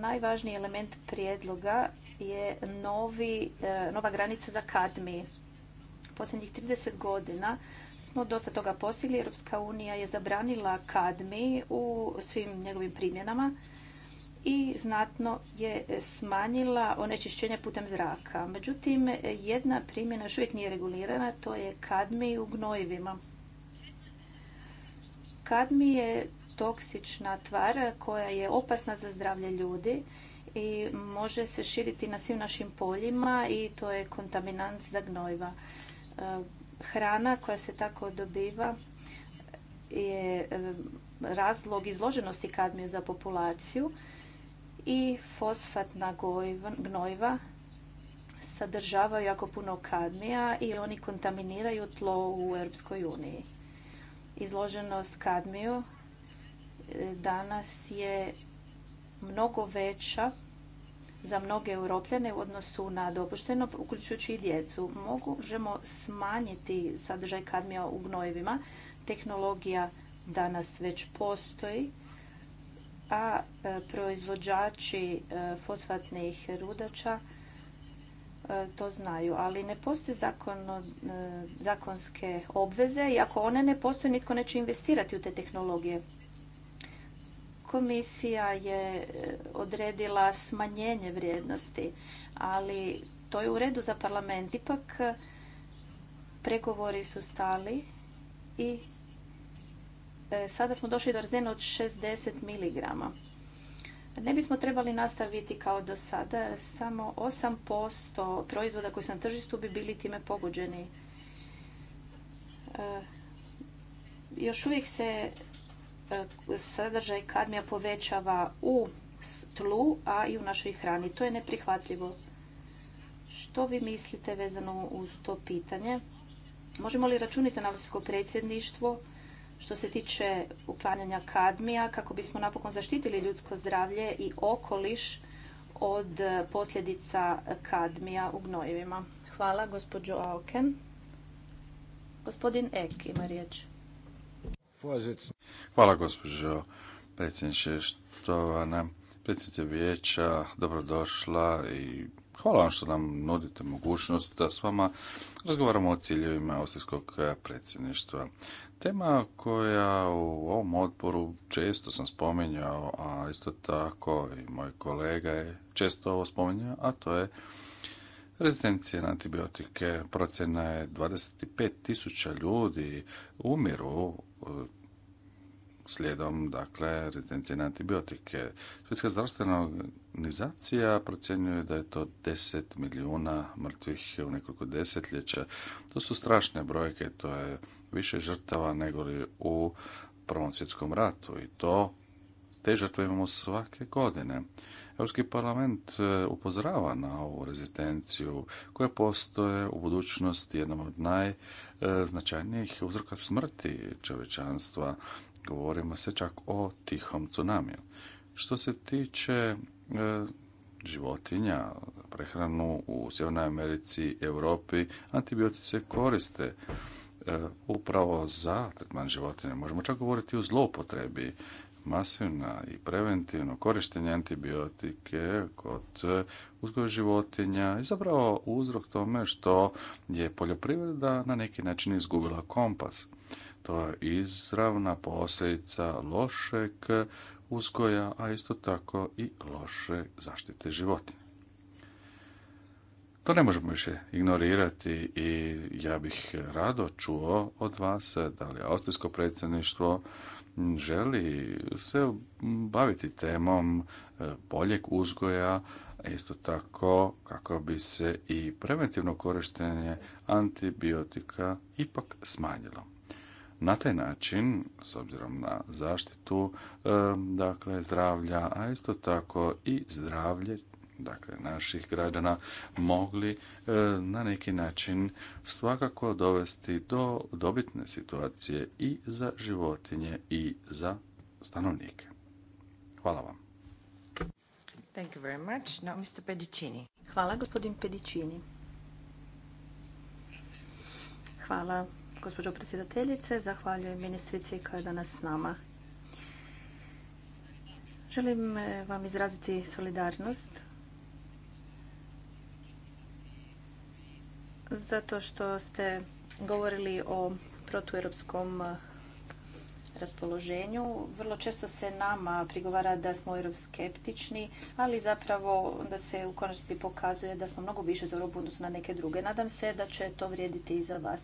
Najvažniji element prijedloga je e, nova granica za kadmi posljednjih 30 godina smo dosta toga postigli. Europska unija je zabranila kadmi u svim njegovim primjenama i znatno je smanjila onečišćenje putem zraka. Međutim, jedna primjena još uvijek nije regulirana, to je kadmi u gnojivima. Kadmi je toksična tvar koja je opasna za zdravlje ljudi i može se širiti na svim našim poljima i to je kontaminant za gnojiva. E, hrana koja se tako dobiva je e, razlog izloženosti kadmiju za populaciju i fosfatna gnojiva sadržavaju jako puno kadmija i oni kontaminiraju tlo u Europskoj uniji. Izloženost kadmiju e, danas je mnogo veća za mnoge europljane u odnosu na dopušteno, uključujući i djecu. Možemo smanjiti sadržaj kadmija u gnojevima. Tehnologija danas već postoji, a e, proizvođači e, fosfatnih rudača e, to znaju, ali ne postoje zakonske obveze i ako one ne postoje, nitko neće investirati u te tehnologije. Komisija je e, odredila smanjenje vrijednosti, ali to je u redu za parlament. Ipak e, pregovori su stali i e, sada smo došli do razine od 60 mg. Ne bismo trebali nastaviti kao do sada, samo 8% proizvoda koji su na tržištu bi bili time pogođeni. Još uvijek se E, sadržaj kadmija povećava u tlu, a i u našoj hrani. To je neprihvatljivo. Što vi mislite vezano uz to pitanje? Možemo li računiti na Austrijsko predsjedništvo što se tiče uklanjanja kadmija kako bismo napokon zaštitili ljudsko zdravlje i okoliš od posljedica kadmija u gnojivima? Hvala, gospođo Auken. Gospodin Ek ima riječ. Hvala gospođo predsjedniče Štovana, predsjednice vijeća, dobrodošla i hvala vam što nam nudite mogućnost da s vama razgovaramo o ciljevima Austrijskog predsjedništva. Tema koja u ovom odboru često sam spominjao, a isto tako i moj kolega je često ovo spominjao, a to je rezistencija na antibiotike. Procjena je 25.000 ljudi umiru slijedom dakle retencije antibiotike. Svjetska zdravstvena organizacija procjenjuje da je to 10 milijuna mrtvih u nekoliko desetljeća. To su strašne brojke, to je više žrtava nego li u Prvom svjetskom ratu i to te žrtve imamo svake godine. Europski parlament e, upozorava na ovu rezistenciju koja postoje u budućnosti jednom od najznačajnijih uzroka smrti čovečanstva. Govorimo se čak o tihom tsunamiju. Što se tiče e, životinja, prehranu u Sjevernoj Americi, Europi, antibiotice koriste e, upravo za tretman životinja. Možemo čak govoriti o zloupotrebi masivna i preventivno korištenje antibiotike kod e, uzgoja životinja i zapravo uzrok tome što je poljoprivreda na neki način izgubila kompas. To je izravna posljedica lošeg uzgoja, a isto tako i loše zaštite životinja. To ne možemo više ignorirati i ja bih rado čuo od vas da li je austrijsko predsjedništvo želi se baviti temom e, boljeg uzgoja, isto tako kako bi se i preventivno korištenje antibiotika ipak smanjilo. Na taj način, s obzirom na zaštitu e, dakle, zdravlja, a isto tako i zdravlje dakle naših građana mogli e, na neki način svakako dovesti do dobitne situacije i za životinje i za stanovnike. Hvala vam. Thank you very much. Mr. Pedicini. Hvala gospodin Pedicini. Hvala gospođo predsjedateljice, zahvaljujem ministrici koja je danas s nama. Želim e, vam izraziti solidarnost zato što ste govorili o protueuropskom eh, raspoloženju. Vrlo često se nama prigovara da smo euroskeptični, ali zapravo da se u konačnici pokazuje da smo mnogo više za Europu odnosno na neke druge. Nadam se da će to vrijediti i za vas.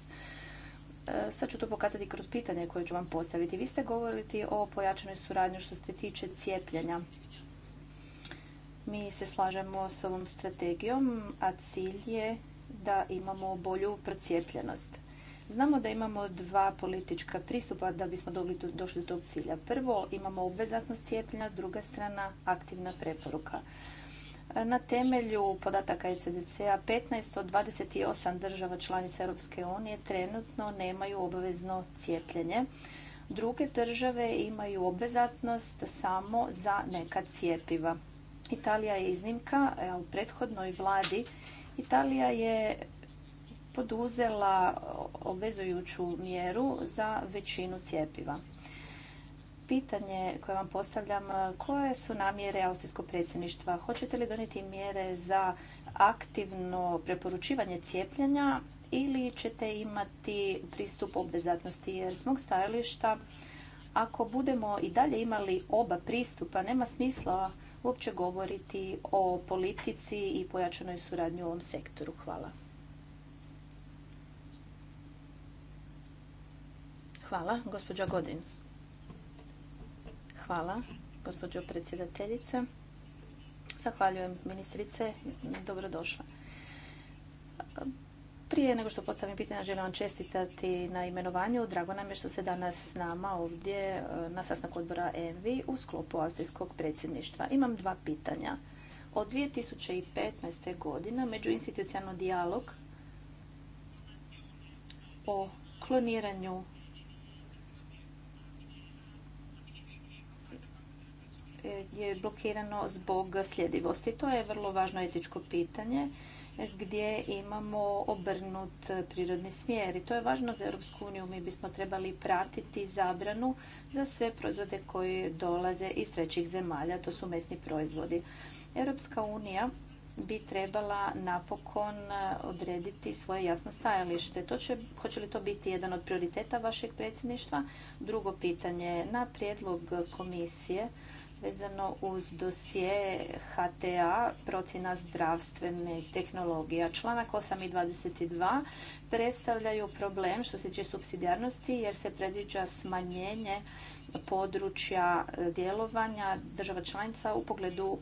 Eh, sad ću to pokazati kroz pitanje koje ću vam postaviti. Vi ste govorili o pojačanoj suradnji što se tiče cijepljenja. Mi se slažemo s ovom strategijom, a cilj je da imamo bolju procijepljenost. Znamo da imamo dva politička pristupa da bismo došli do tog cilja. Prvo, imamo obvezatnost cijepljenja, druga strana, aktivna preporuka. Na temelju podataka ECDC-a 15 od 28 država članica Europske unije trenutno nemaju obavezno cijepljenje. Druge države imaju obvezatnost samo za neka cijepiva. Italija je iznimka, u prethodnoj vladi Italija je poduzela obvezujuću mjeru za većinu cjepiva. Pitanje koje vam postavljam, koje su namjere austrijskog predsjedništva? Hoćete li doniti mjere za aktivno preporučivanje cijepljenja ili ćete imati pristup obvezatnosti? Jer s mog stajališta, ako budemo i dalje imali oba pristupa, nema smisla uopće govoriti o politici i pojačanoj suradnji u ovom sektoru. Hvala. Hvala, gospođa Godin. Hvala, gospođo predsjedateljice. Zahvaljujem ministrice, dobrodošla. Prije nego što postavim pitanja, želim vam čestitati na imenovanju. Drago nam je što se danas s nama ovdje e, na sastanku odbora ENVI u sklopu austrijskog predsjedništva. Imam dva pitanja. Od 2015. godina međuinstitucijalno dijalog o kloniranju je blokirano zbog sljedivosti. To je vrlo važno etičko pitanje gdje imamo obrnut prirodni smjer. I to je važno za Europsku uniju. Mi bismo trebali pratiti zabranu za sve proizvode koji dolaze iz trećih zemalja. To su mesni proizvodi. Europska unija bi trebala napokon odrediti svoje jasno stajalište. To će, hoće li to biti jedan od prioriteta vašeg predsjedništva? Drugo pitanje, na prijedlog komisije vezano uz dosije HTA procjena zdravstvenih tehnologija. Članak 8 i 22 predstavljaju problem što se tiče subsidijarnosti jer se predviđa smanjenje područja e, djelovanja država članica u pogledu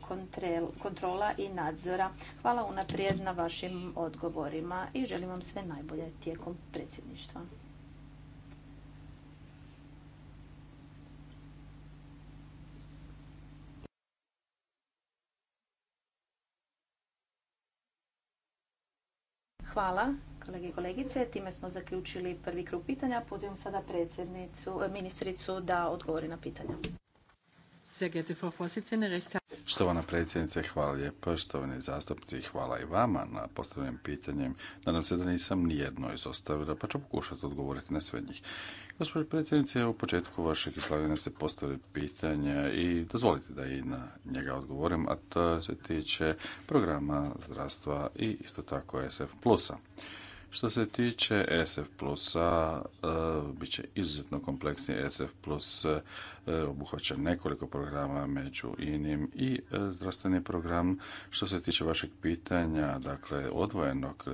kontrola i nadzora. Hvala unaprijed na vašim odgovorima i želim vam sve najbolje tijekom predsjedništva. Hvala kolege i kolegice. Time smo zaključili prvi krug pitanja. Pozivam sada predsjednicu, ministricu da odgovori na pitanja. Štovana predsjednice, hvala lijepa. Štovani zastupci hvala i vama na postavljenim pitanjem. Nadam se da nisam nijedno izostavila, pa ću pokušati odgovoriti na sve njih. Gospodin predsjednice, u početku vašeg izlaganja se postavili pitanja i dozvolite da i na njega odgovorim, a to se tiče programa zdravstva i isto tako SF plusa. Što se tiče e SF plusa, e, bit će izuzetno kompleksni e SF plus obuhvaća nekoliko programa među inim i zdravstveni program. Što se tiče vašeg pitanja, dakle, odvojenog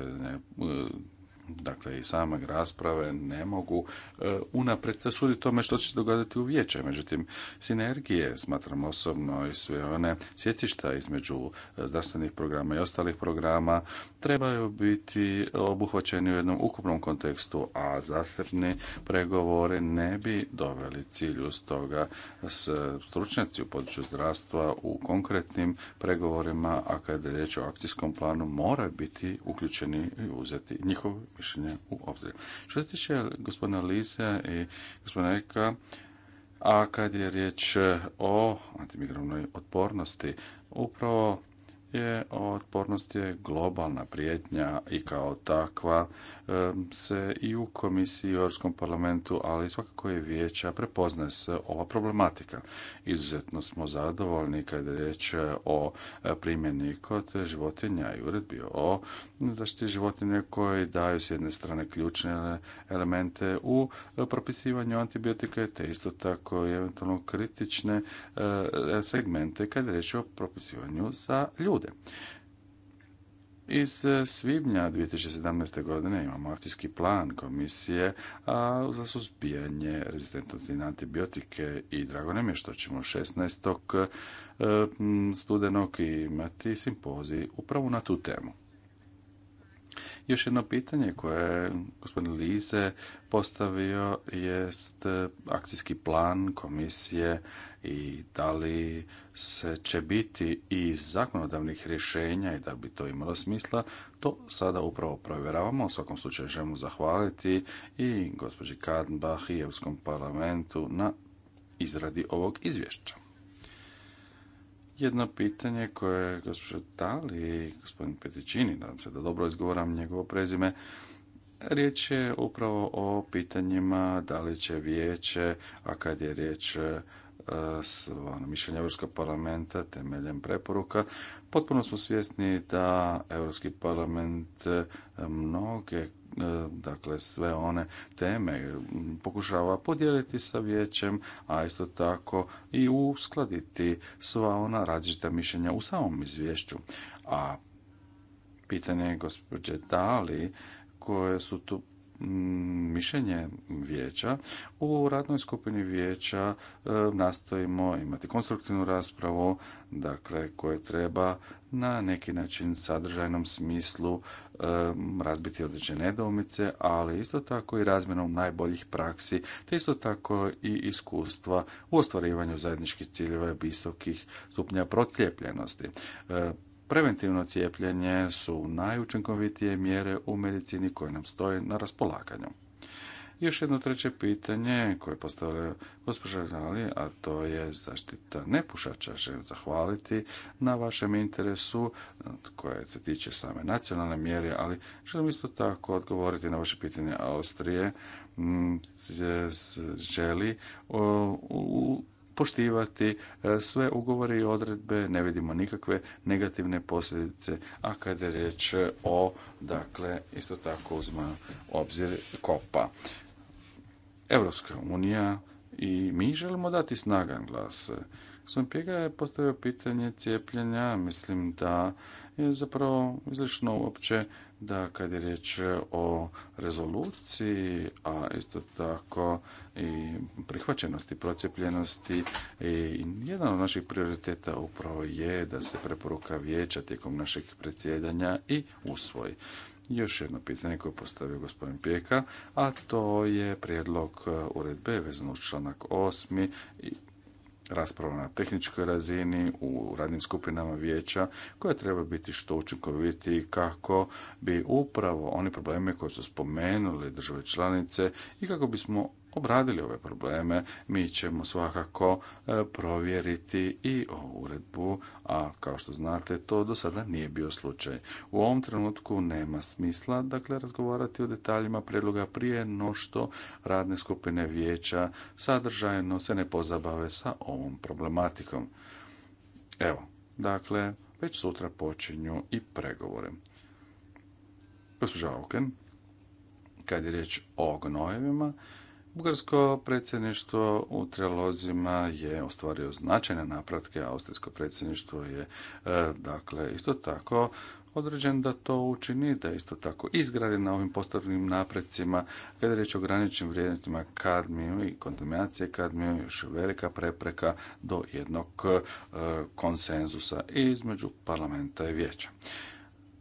dakle i same rasprave ne mogu e, unaprijed suditi tome što će se dogoditi u vijeće. Međutim, sinergije smatram osobno i sve one sjecišta između e, zdravstvenih programa i ostalih programa trebaju biti obuhvaćeni u jednom ukupnom kontekstu, a zasebni pregovori ne bi doveli cilju stoga s stručnjaci u području zdravstva u konkretnim pregovorima, a kada je riječ o akcijskom planu, moraju biti uključeni i uzeti njihov mišljenje u obzir. Što se tiče gospodina Lise i gospodina Eka, a kad je riječ o antimigravnoj otpornosti, upravo je otpornost je globalna prijetnja i kao takva se i u komisiji i u Europskom parlamentu, ali svakako je vijeća prepoznaje se ova problematika. Izuzetno smo zadovoljni kada je riječ e, o e, primjeni kod životinja i uredbi o zaštiti životinja koji daju s jedne strane ključne elemente u e, propisivanju antibiotika te isto tako i eventualno kritične segmente kada je riječ o propisivanju za ljude. Iz e, svibnja 2017. godine imamo akcijski plan komisije a, za suzbijanje rezistentnosti na antibiotike i drago nam je što ćemo 16. E, studenog imati simpozij upravo na tu temu. Još jedno pitanje koje je gospodin Lize postavio jest e, akcijski plan komisije i da li se će biti i zakonodavnih rješenja i da bi to imalo smisla, to sada upravo provjeravamo. U svakom slučaju želimo zahvaliti i gospođi Kadenbach i Europskom parlamentu na izradi ovog izvješća jedno pitanje koje je gospođa Dali, gospodin Petičini, nadam se da dobro izgovoram njegovo prezime, riječ je upravo o pitanjima da li će vijeće, a kad je riječ e, s ono, mišljenjem Europskog parlamenta temeljem preporuka. Potpuno smo svjesni da Europski parlament e, mnoge E, dakle sve one teme pokušava podijeliti sa vijećem, a isto tako i uskladiti sva ona različita mišljenja u samom izvješću. A pitanje je gospođe Dali koje su tu Mm, mišljenje vijeća. U radnoj skupini vijeća e, nastojimo imati konstruktivnu raspravu, dakle, koje treba na neki način sadržajnom smislu e, razbiti određene nedoumice, ali isto tako i razmjenom najboljih praksi, te isto tako i iskustva u ostvarivanju zajedničkih ciljeva visokih stupnja procijepljenosti. E, Preventivno cijepljenje su najučinkovitije mjere u medicini koje nam stoje na raspolaganju. Još jedno treće pitanje koje je postavila gospođa Rali, a to je zaštita nepušača. Želim zahvaliti na vašem interesu koje se tiče same nacionalne mjere, ali želim isto tako odgovoriti na vaše pitanje Austrije. Mm, želi u poštivati e, sve ugovore i odredbe, ne vidimo nikakve negativne posljedice, a kada je riječ o, dakle, isto tako uzma obzir kopa. Europska unija i mi želimo dati snagan glas. Gospodin Pjega je postavio pitanje cijepljenja, mislim da je zapravo izlično uopće da kad je riječ o rezoluciji, a isto tako i prihvaćenosti, procijepljenosti, i jedan od naših prioriteta upravo je da se preporuka vijeća tijekom našeg predsjedanja i usvoji. Još jedno pitanje koje postavio gospodin Pijeka, a to je prijedlog uredbe vezano uz članak 8 rasprava na tehničkoj razini u radnim skupinama vijeća koja treba biti što učinkovitiji kako bi upravo oni problemi koje su spomenuli države članice i kako bismo obradili ove probleme, mi ćemo svakako e, provjeriti i ovu uredbu, a kao što znate to do sada nije bio slučaj. U ovom trenutku nema smisla dakle razgovarati o detaljima predloga prije no što radne skupine vijeća sadržajno se ne pozabave sa ovom problematikom. Evo, dakle, već sutra počinju i pregovore. Gospođa Auken, kad je riječ o gnojevima, Bugarsko predsjedništvo u Trelozima je ostvario značajne napratke, austrijsko predsjedništvo je e, dakle isto tako određen da to učini, da isto tako izgradi na ovim postavljenim naprecima. Kada je riječ o graničnim vrijednostima kadmiju i kontaminacije kadmiju, još velika prepreka do jednog e, konsenzusa između parlamenta i vijeća.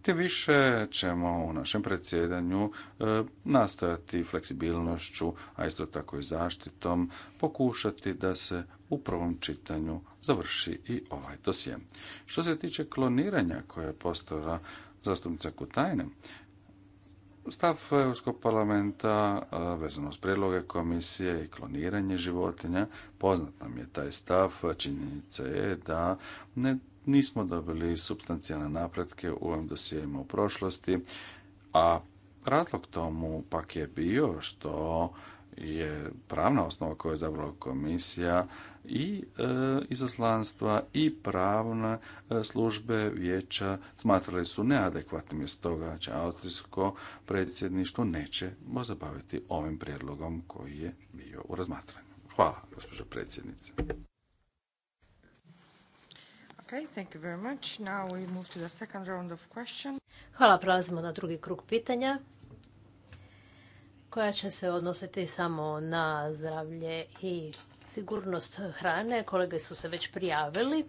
Tim više ćemo u našem predsjedanju e, nastojati fleksibilnošću, a isto tako i zaštitom, pokušati da se u prvom čitanju završi i ovaj dosje. Što se tiče kloniranja koje je postala zastupnica Kutajne, stav Europskog parlamenta vezano s prijedloge komisije i kloniranje životinja, poznat nam je taj stav, činjenica je da ne nismo dobili substancijalne napretke u ovim dosijevima u prošlosti, a razlog tomu pak je bio što je pravna osnova koju je zabrala komisija i e, izaslanstva i pravne e, službe vijeća smatrali su neadekvatnim iz toga će austrijsko predsjedništvo neće pozabaviti ovim prijedlogom koji je bio u razmatranju. Hvala, gospođo predsjednice. Okay, thank you very Hvala, prelazimo na drugi krug pitanja koja će se odnositi samo na zdravlje i sigurnost hrane. Kolege su se već prijavili.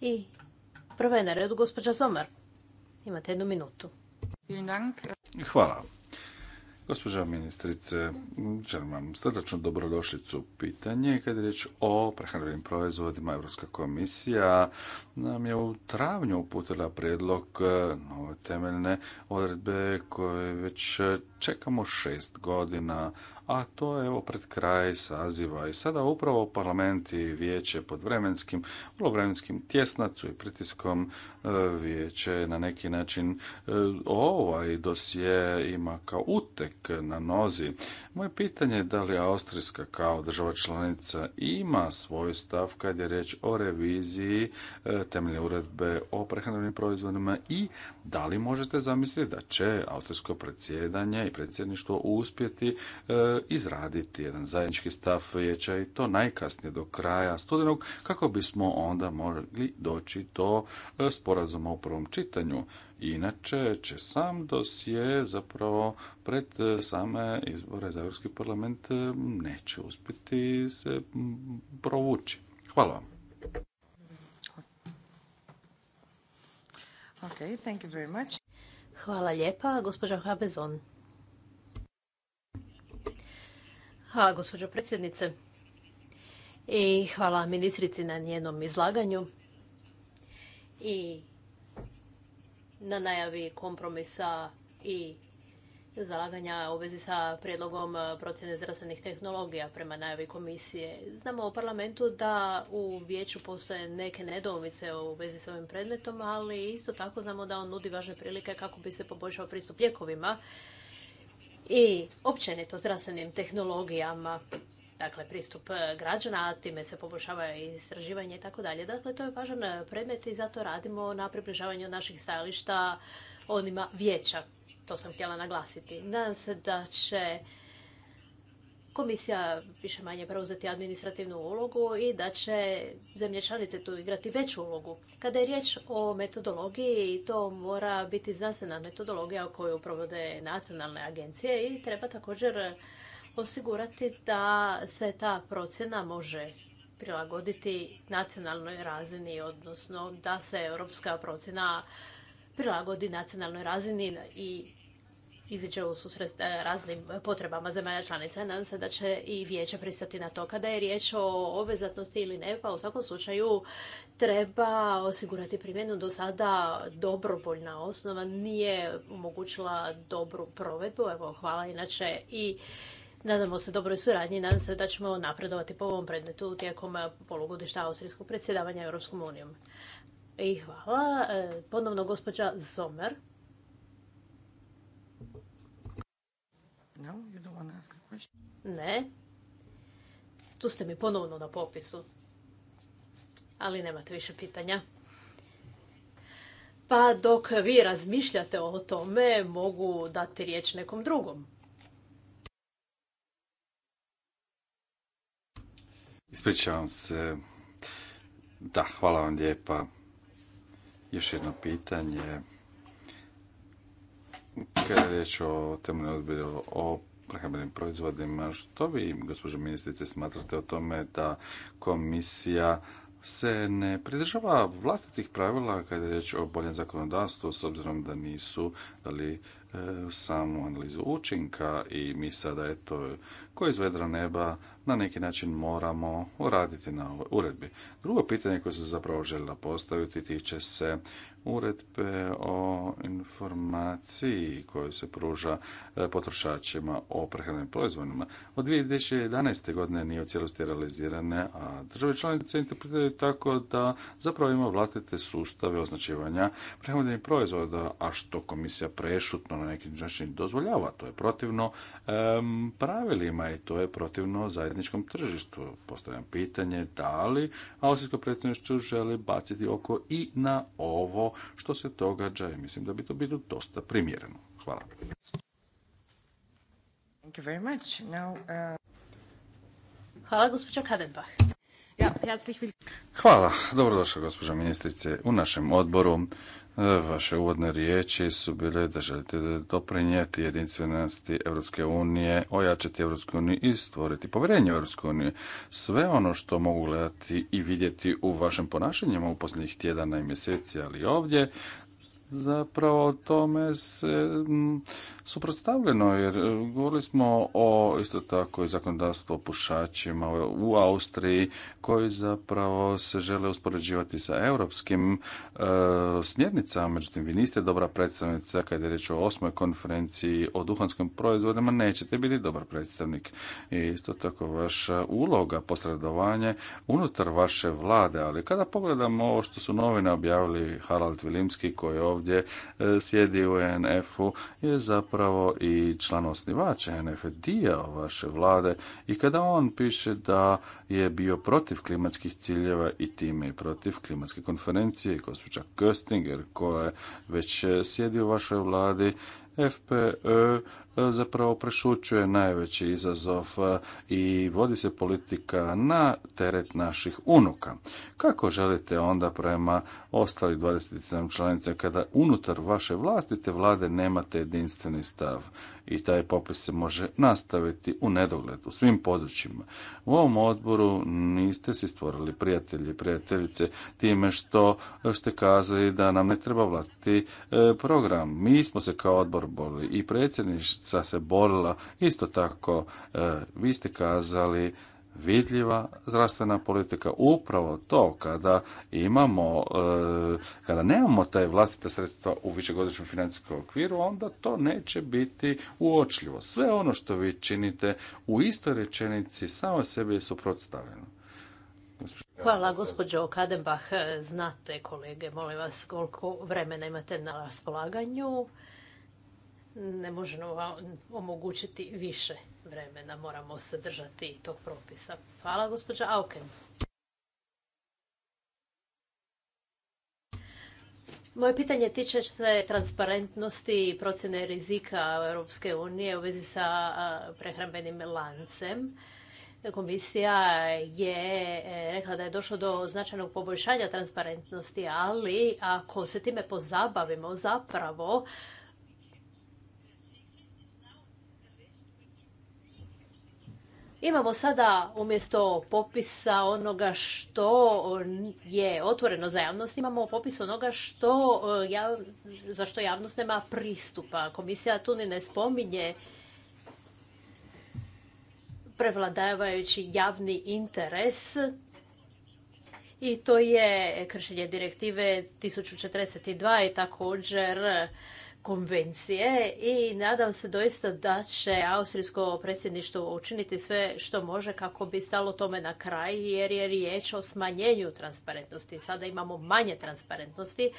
I prva je na redu gospođa Zomar. Imate jednu minutu. Hvala. Gospođa ministrice, želim vam srdačnu dobrodošlicu. Pitanje kad je riječ o prehrambenim proizvodima, Europska komisija nam je u travnju uputila prijedlog nove temeljne odredbe koje već čekamo šest godina, a to je evo pred kraj saziva i sada upravo parlament i vijeće pod vremenskim, vrlo vremenskim tjesnacu i pritiskom e, vijeće na neki način e, ovaj dosje ima kao utek na nozi. Moje pitanje je da li Austrijska kao država članica ima svoj stav kad je riječ o reviziji e, temeljne uredbe o prehrambenim proizvodima i da li možete zamisliti da će austrijsko predsjedanje i predsjedništvo uspjeti e, izraditi jedan zajednički stav vijeća i to najkasnije do kraja studenog kako bismo onda mogli doći do e, sporazuma u prvom čitanju Inače će sam dosje zapravo pred e, same izbore za Europski parlament e, neće uspjeti se provući. Hvala vam. Hvala lijepa, gospođa Habezon. Hvala, gospođo predsjednice. I hvala ministrici na njenom izlaganju. I na najavi kompromisa i zalaganja u vezi sa prijedlogom eh, procjene zdravstvenih tehnologija prema najavi komisije. Znamo u parlamentu da u vijeću postoje neke nedoumice u vezi s ovim predmetom, ali isto tako znamo da on nudi važne prilike kako bi se poboljšao pristup ljekovima i općenito zdravstvenim tehnologijama dakle, pristup e, građana, a time se poboljšava i istraživanje i tako dalje. Dakle, to je važan e, predmet i zato radimo na približavanju naših stajališta onima vijeća. To sam htjela naglasiti. Nadam se da će komisija više manje preuzeti administrativnu ulogu i da će zemlje članice tu igrati veću ulogu. Kada je riječ o metodologiji, to mora biti znanstvena metodologija koju provode nacionalne agencije i treba također osigurati da se ta procjena može prilagoditi nacionalnoj razini, odnosno da se europska procjena prilagodi nacionalnoj razini i iziđe u susret e, raznim potrebama zemalja članica. Nadam se da će i vijeće pristati na to. Kada je riječ o obvezatnosti ili ne, pa u svakom slučaju treba osigurati primjenu. Do sada dobrovoljna osnova nije omogućila dobru provedbu. Evo, hvala inače i Nadamo se dobroj suradnji i nadam se da ćemo napredovati po ovom predmetu tijekom eh, polugodišta austrijskog predsjedavanja Europskom unijom. I hvala. Eh, ponovno gospođa Zomer. Ne. Tu ste mi ponovno na popisu. Ali nemate više pitanja. Pa dok vi razmišljate o tome, mogu dati riječ nekom drugom. Ispričavam se. Da, hvala vam lijepa. Još jedno pitanje. Kada je riječ o temu odbiru o prehrambenim proizvodima, što vi, gospođo ministrice, smatrate o tome da komisija se ne pridržava vlastitih pravila kada je riječ o boljem zakonodavstvu, s obzirom da nisu, da li E, samu analizu učinka i mi sada eto ko iz vedra neba na neki način moramo raditi na ovoj uredbi. Drugo pitanje koje se zapravo željela postaviti tiče se uredbe o informaciji koju se pruža e, potrošačima o prehranim proizvodima. Od 2011. godine nije u cijelosti realizirane, a države članice interpretiraju tako da zapravo ima vlastite sustave označivanja prehrambenih proizvoda, a što komisija prešutno na neki način dozvoljava. To je protivno um, pravilima i to je protivno zajedničkom tržištu. Postavljam pitanje da li Austrijsko predsjedništvo želi baciti oko i na ovo što se događa i mislim da bi to bilo dosta primjereno. Hvala. Thank you very much. Now, uh... Hvala, gospođo Kadenbach. Ja, Hvala. Dobrodošla, gospođo ministrice, u našem odboru. Vaše uvodne riječi su bile da želite doprinijeti jedinstvenosti Europske unije, ojačati Europsku uniju i stvoriti povjerenje Europske unije. Sve ono što mogu gledati i vidjeti u vašem ponašanjima u posljednjih tjedana i mjeseci, ali i ovdje, zapravo o tome se suprotstavljeno jer e, govorili smo o isto tako i zakonodavstvu o pušačima u Austriji koji zapravo se žele uspoređivati sa europskim e, smjernicama, međutim vi niste dobra predstavnica kada je reč o osmoj konferenciji o duhanskim proizvodima, nećete biti dobar predstavnik. I isto tako vaša uloga posredovanje unutar vaše vlade, ali kada pogledamo ovo što su novine objavili Harald Vilimski koji ovdje e, sjedi u unf u je zapravo i član osnivača NFD-a vaše vlade i kada on piše da je bio protiv klimatskih ciljeva i time i protiv klimatske konferencije, i gospođa Köstinger koja je već sjedi u vašoj vladi, FPE zapravo prešućuje najveći izazov e, i vodi se politika na teret naših unuka. Kako želite onda prema ostalih 27 članica kada unutar vaše vlastite vlade nemate jedinstveni stav i taj popis se može nastaviti u nedogled u svim područjima. U ovom odboru niste si stvorili prijatelji i prijateljice time što ste kazali da nam ne treba vlastiti e, program. Mi smo se kao odbor borili i predsjedništvo se borila. Isto tako, e, vi ste kazali vidljiva zdravstvena politika upravo to kada imamo e, kada nemamo taj vlastita sredstva u višegodišnjem financijskom okviru onda to neće biti uočljivo sve ono što vi činite u istoj rečenici samo sebi je suprotstavljeno Hvala, gospođo Kadenbach. Znate, kolege, molim vas koliko vremena imate na raspolaganju ne možemo omogućiti više vremena. Moramo se držati tog propisa. Hvala, gospođa Auken. Moje pitanje tiče se transparentnosti i procjene rizika Europske unije u vezi sa prehrambenim lancem. Komisija je e, rekla da je došlo do značajnog poboljšanja transparentnosti, ali ako se time pozabavimo zapravo Imamo sada umjesto popisa onoga što je otvoreno za javnost, imamo popis onoga što, eh, za što javnost nema pristupa. Komisija tu ni ne spominje prevladavajući javni interes i to je kršenje direktive 1042 i također konvencije i nadam se doista da će austrijsko predsjedništvo učiniti sve što može kako bi stalo tome na kraj jer je riječ o smanjenju transparentnosti. Sada imamo manje transparentnosti,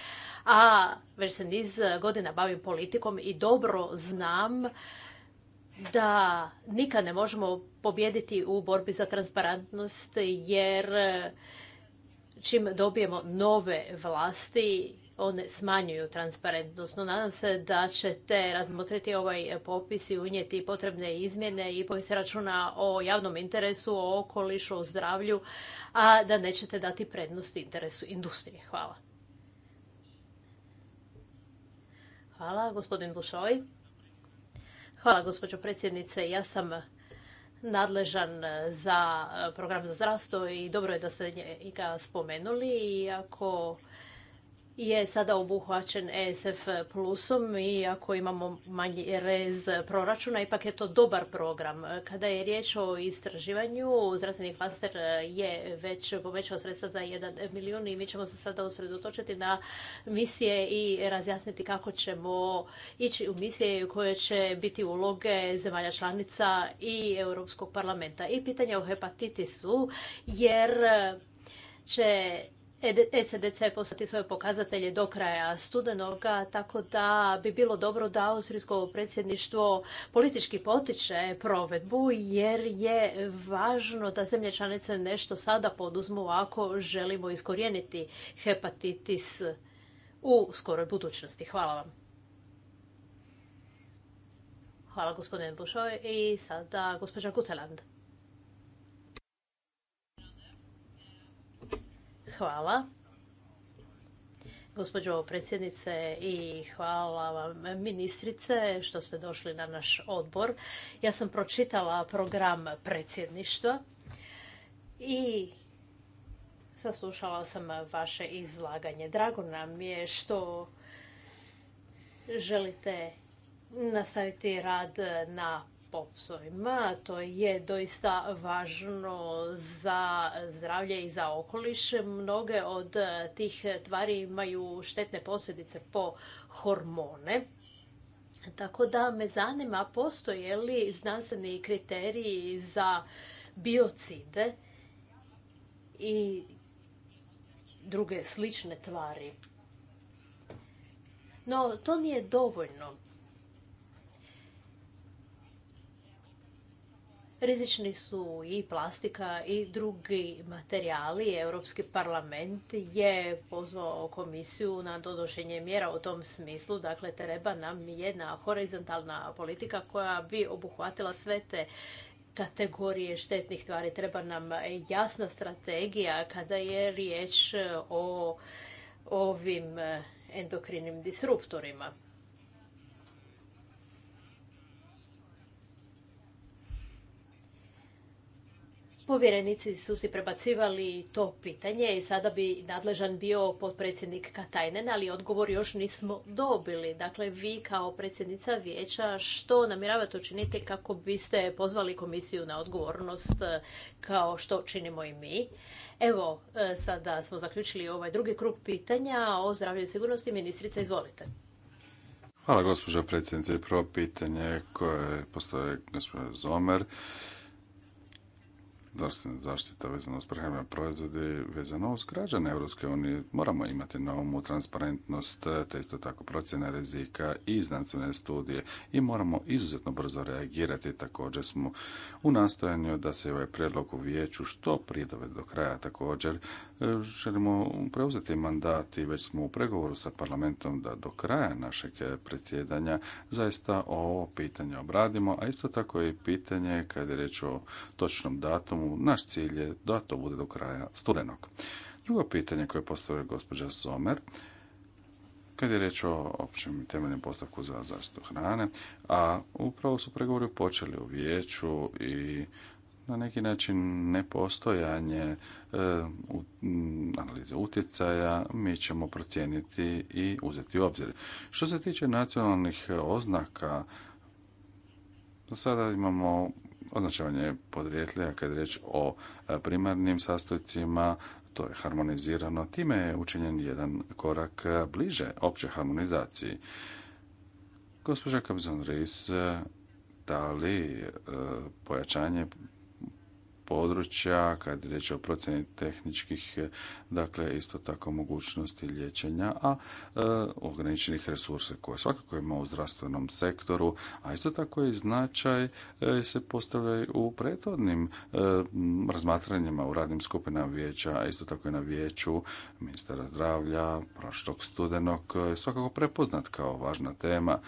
a već se niz godina bavim politikom i dobro znam da nikad ne možemo pobijediti u borbi za transparentnost jer čim dobijemo nove vlasti one smanjuju transparentnost. No, nadam se da ćete razmotriti ovaj popis i unijeti potrebne izmjene i povisi računa o javnom interesu, o okolišu, o zdravlju, a da nećete dati prednost interesu industrije. Hvala. Hvala, gospodin Bušoj. Hvala, gospođo predsjednice. Ja sam nadležan za program za zdravstvo i dobro je da ste ga spomenuli. Iako je sada obuhvaćen ESF plusom i ako imamo manji rez proračuna, ipak je to dobar program. Kada je riječ o istraživanju, zdravstveni klaster je već povećao sredstva za 1 milijun i mi ćemo se sada usredotočiti na misije i razjasniti kako ćemo ići u misije koje će biti uloge zemalja članica i Europskog parlamenta. I pitanje o hepatitisu, jer će ECDC e poslati svoje pokazatelje do kraja studenoga, tako da bi bilo dobro da Austrijsko predsjedništvo politički potiče provedbu, jer je važno da zemlje članice nešto sada poduzmu ako želimo iskorijeniti hepatitis u skoroj budućnosti. Hvala vam. Hvala gospodine Bušoj i sada gospođa Guteland. Hvala. Gospođo predsjednice i hvala vam ministrice što ste došli na naš odbor. Ja sam pročitala program predsjedništva i saslušala sam vaše izlaganje. Drago nam je što želite nastaviti rad na popsovima. To je doista važno za zdravlje i za okoliš. Mnoge od tih tvari imaju štetne posljedice po hormone. Tako da me zanima postoje li znanstveni kriteriji za biocide i druge slične tvari. No, to nije dovoljno. Rizični su i plastika i drugi materijali. Europski parlament je pozvao komisiju na donošenje mjera u tom smislu. Dakle, treba nam jedna horizontalna politika koja bi obuhvatila sve te kategorije štetnih tvari. Treba nam jasna strategija kada je riječ o ovim endokrinim disruptorima. Povjerenici su si prebacivali to pitanje i sada bi nadležan bio potpredsjednik Katajnen, ali odgovor još nismo dobili. Dakle, vi kao predsjednica vijeća što namjeravate učiniti kako biste pozvali komisiju na odgovornost e, kao što činimo i mi? Evo, e, sada smo zaključili ovaj drugi krug pitanja o zdravlju i sigurnosti. Ministrica, izvolite. Hvala, gospođo predsjednice. Prvo pitanje koje postoje gospođa Zomer zdravstvena zaštita vezano uz prehrambene proizvode, vezano uz građane Europske unije. Moramo imati na umu transparentnost, te isto tako procjene rizika i znanstvene studije i moramo izuzetno brzo reagirati. Također smo u nastojanju da se ovaj prijedlog u vijeću što prije dovede do kraja. Također E, želimo preuzeti mandat i već smo u pregovoru sa parlamentom da do kraja našeg predsjedanja zaista ovo pitanje obradimo, a isto tako i pitanje kada je reč o točnom datumu, naš cilj je da to bude do kraja studenog. Drugo pitanje koje postavlja gospođa Somer, kad je reč o općem temeljnom postavku za zaštitu hrane, a upravo su pregovori počeli u vijeću i na neki način nepostojanje e, analize utjecaja mi ćemo procijeniti i uzeti u obzir. Što se tiče nacionalnih oznaka, sada imamo označavanje podrijetlja kad je riječ o e, primarnim sastojcima, to je harmonizirano, time je učinjen jedan korak e, bliže općoj harmonizaciji. Gospođa Kabzon Reis, da li pojačanje područja, kad je riječ o procjeni tehničkih, e, dakle isto tako mogućnosti liječenja, a e, ograničenih resursa koje svakako ima u zdravstvenom sektoru, a isto tako i značaj e, se postavlja u prethodnim razmatranjima u radnim skupinama vijeća, a isto tako i na vijeću ministara zdravlja, prošlog studenog, svakako prepoznat kao važna tema.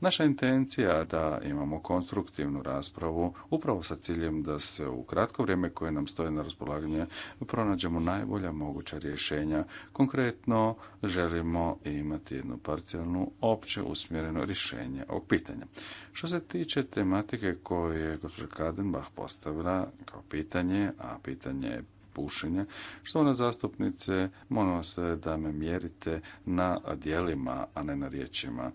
Naša intencija da imamo konstruktivnu raspravu upravo sa ciljem da se u kratko vrijeme koje nam stoje na raspolaganju, pronađemo najbolja moguća rješenja. Konkretno želimo imati jednu parcijalnu opće usmjereno rješenje ovog pitanja. Što se tiče tematike koje je gospođa Kadenbach postavila kao pitanje, a pitanje je što Štovana zastupnice, molim vas da me mjerite na dijelima, a ne na riječima.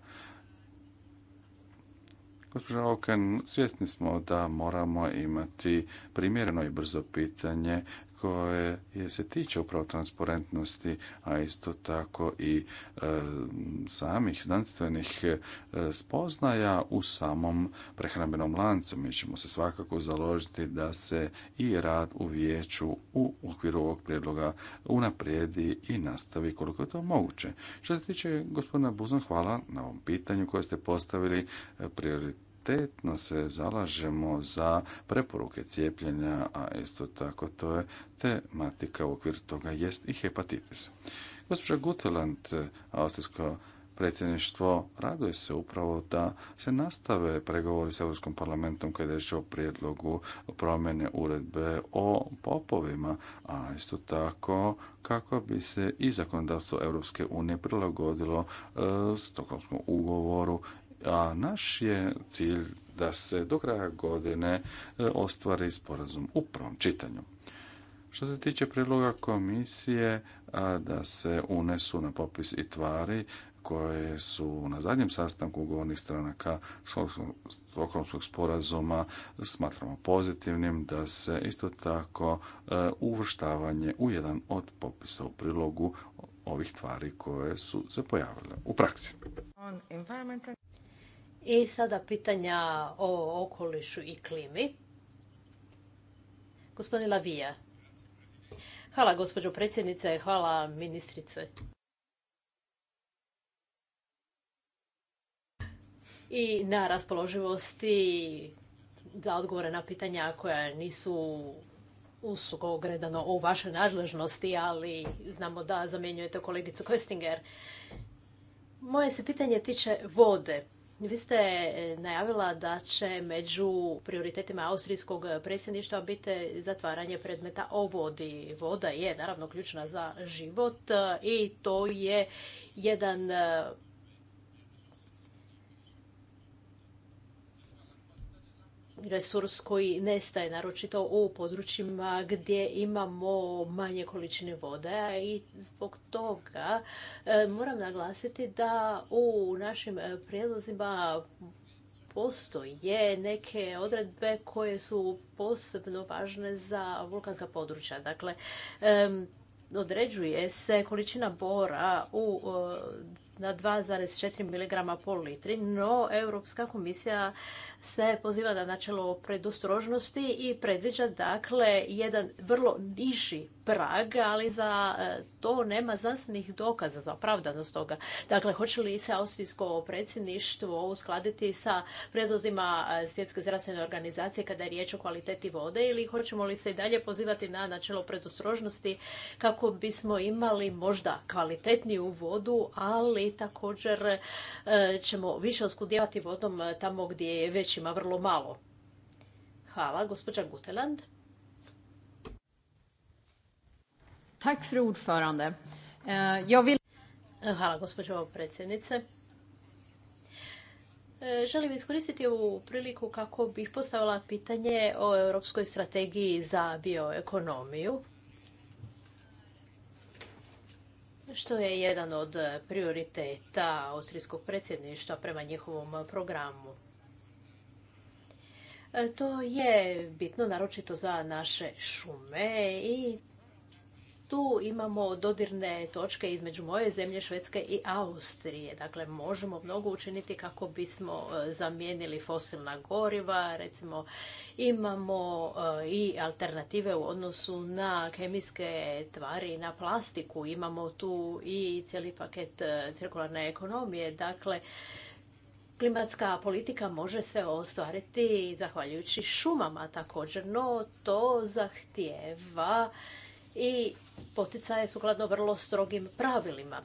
Gospođo Oken, svjesni smo da moramo imati primjereno i brzo pitanje koje je se tiče upravo transparentnosti, a isto tako i e, samih znanstvenih e, spoznaja u samom prehrambenom lancu. Mi ćemo se svakako založiti da se i rad u vijeću u okviru ovog prijedloga unaprijedi i nastavi koliko je to moguće. Što se tiče gospodina Buzan, hvala na ovom pitanju koje ste postavili e, prioritet prioritetno se zalažemo za preporuke cijepljenja, a isto tako to je tematika u okviru toga jest i hepatitis. Gospođa Guteland, austrijsko predsjedništvo raduje se upravo da se nastave pregovori s Europskom parlamentom kada je riječ o prijedlogu promjene uredbe o popovima, a isto tako kako bi se i zakonodavstvo Europske unije prilagodilo e, Stokholmskom ugovoru a naš je cilj da se do kraja godine e, ostvari sporazum u prvom čitanju. Što se tiče priloga komisije, da se unesu na popis i tvari koje su na zadnjem sastanku ugovornih stranaka Stokholmskog sporazuma smatramo pozitivnim da se isto tako e, uvrštavanje u jedan od popisa u prilogu ovih tvari koje su se pojavile u praksi. I sada pitanja o okolišu i klimi. Gospodin Lavija. Hvala gospođo predsjednice, hvala ministrice. I na raspoloživosti za odgovore na pitanja koja nisu uslugo gredano u vašoj nadležnosti, ali znamo da zamjenjujete kolegicu Köstinger. Moje se pitanje tiče vode. Vi ste e, najavila da će među prioritetima austrijskog predsjedništva biti zatvaranje predmeta o vodi. Voda je naravno ključna za život e, i to je jedan e, resurs koji nestaje, naročito u područjima gdje imamo manje količine vode i zbog toga e, moram naglasiti da u našim e, prijedlozima postoje neke odredbe koje su posebno važne za vulkanska područja. Dakle, određuje se količina bora u e, na 2,4 mg po litri, no Europska komisija se poziva na načelo predostrožnosti i predviđa dakle jedan vrlo niži prag, ali za e, to nema znanstvenih dokaza za opravdanost toga. Dakle, hoće li se austrijsko predsjedništvo uskladiti sa prijedlozima e, Svjetske zdravstvene organizacije kada je riječ o kvaliteti vode ili hoćemo li se i dalje pozivati na načelo predostrožnosti kako bismo imali možda kvalitetniju vodu, ali također e, ćemo više oskudjevati vodom tamo gdje je već ima vrlo malo. Hvala, gospođa Guteland. Tack ordförande. Eh, jag vill... Eh, hvala, gospođo predsjednice. Eh, želim iskoristiti ovu priliku kako bih postavila pitanje o Europskoj strategiji za bioekonomiju, što je jedan od prioriteta Austrijskog predsjedništva prema njihovom programu. To je bitno naročito za naše šume i tu imamo dodirne točke između moje zemlje, Švedske i Austrije. Dakle, možemo mnogo učiniti kako bismo e, zamijenili fosilna goriva. Recimo, imamo e, i alternative u odnosu na kemijske tvari, i na plastiku. Imamo tu i cijeli paket e, cirkularne ekonomije. Dakle, Klimatska politika može se ostvariti zahvaljujući šumama također, no to zahtijeva i poticaje sukladno vrlo strogim pravilima.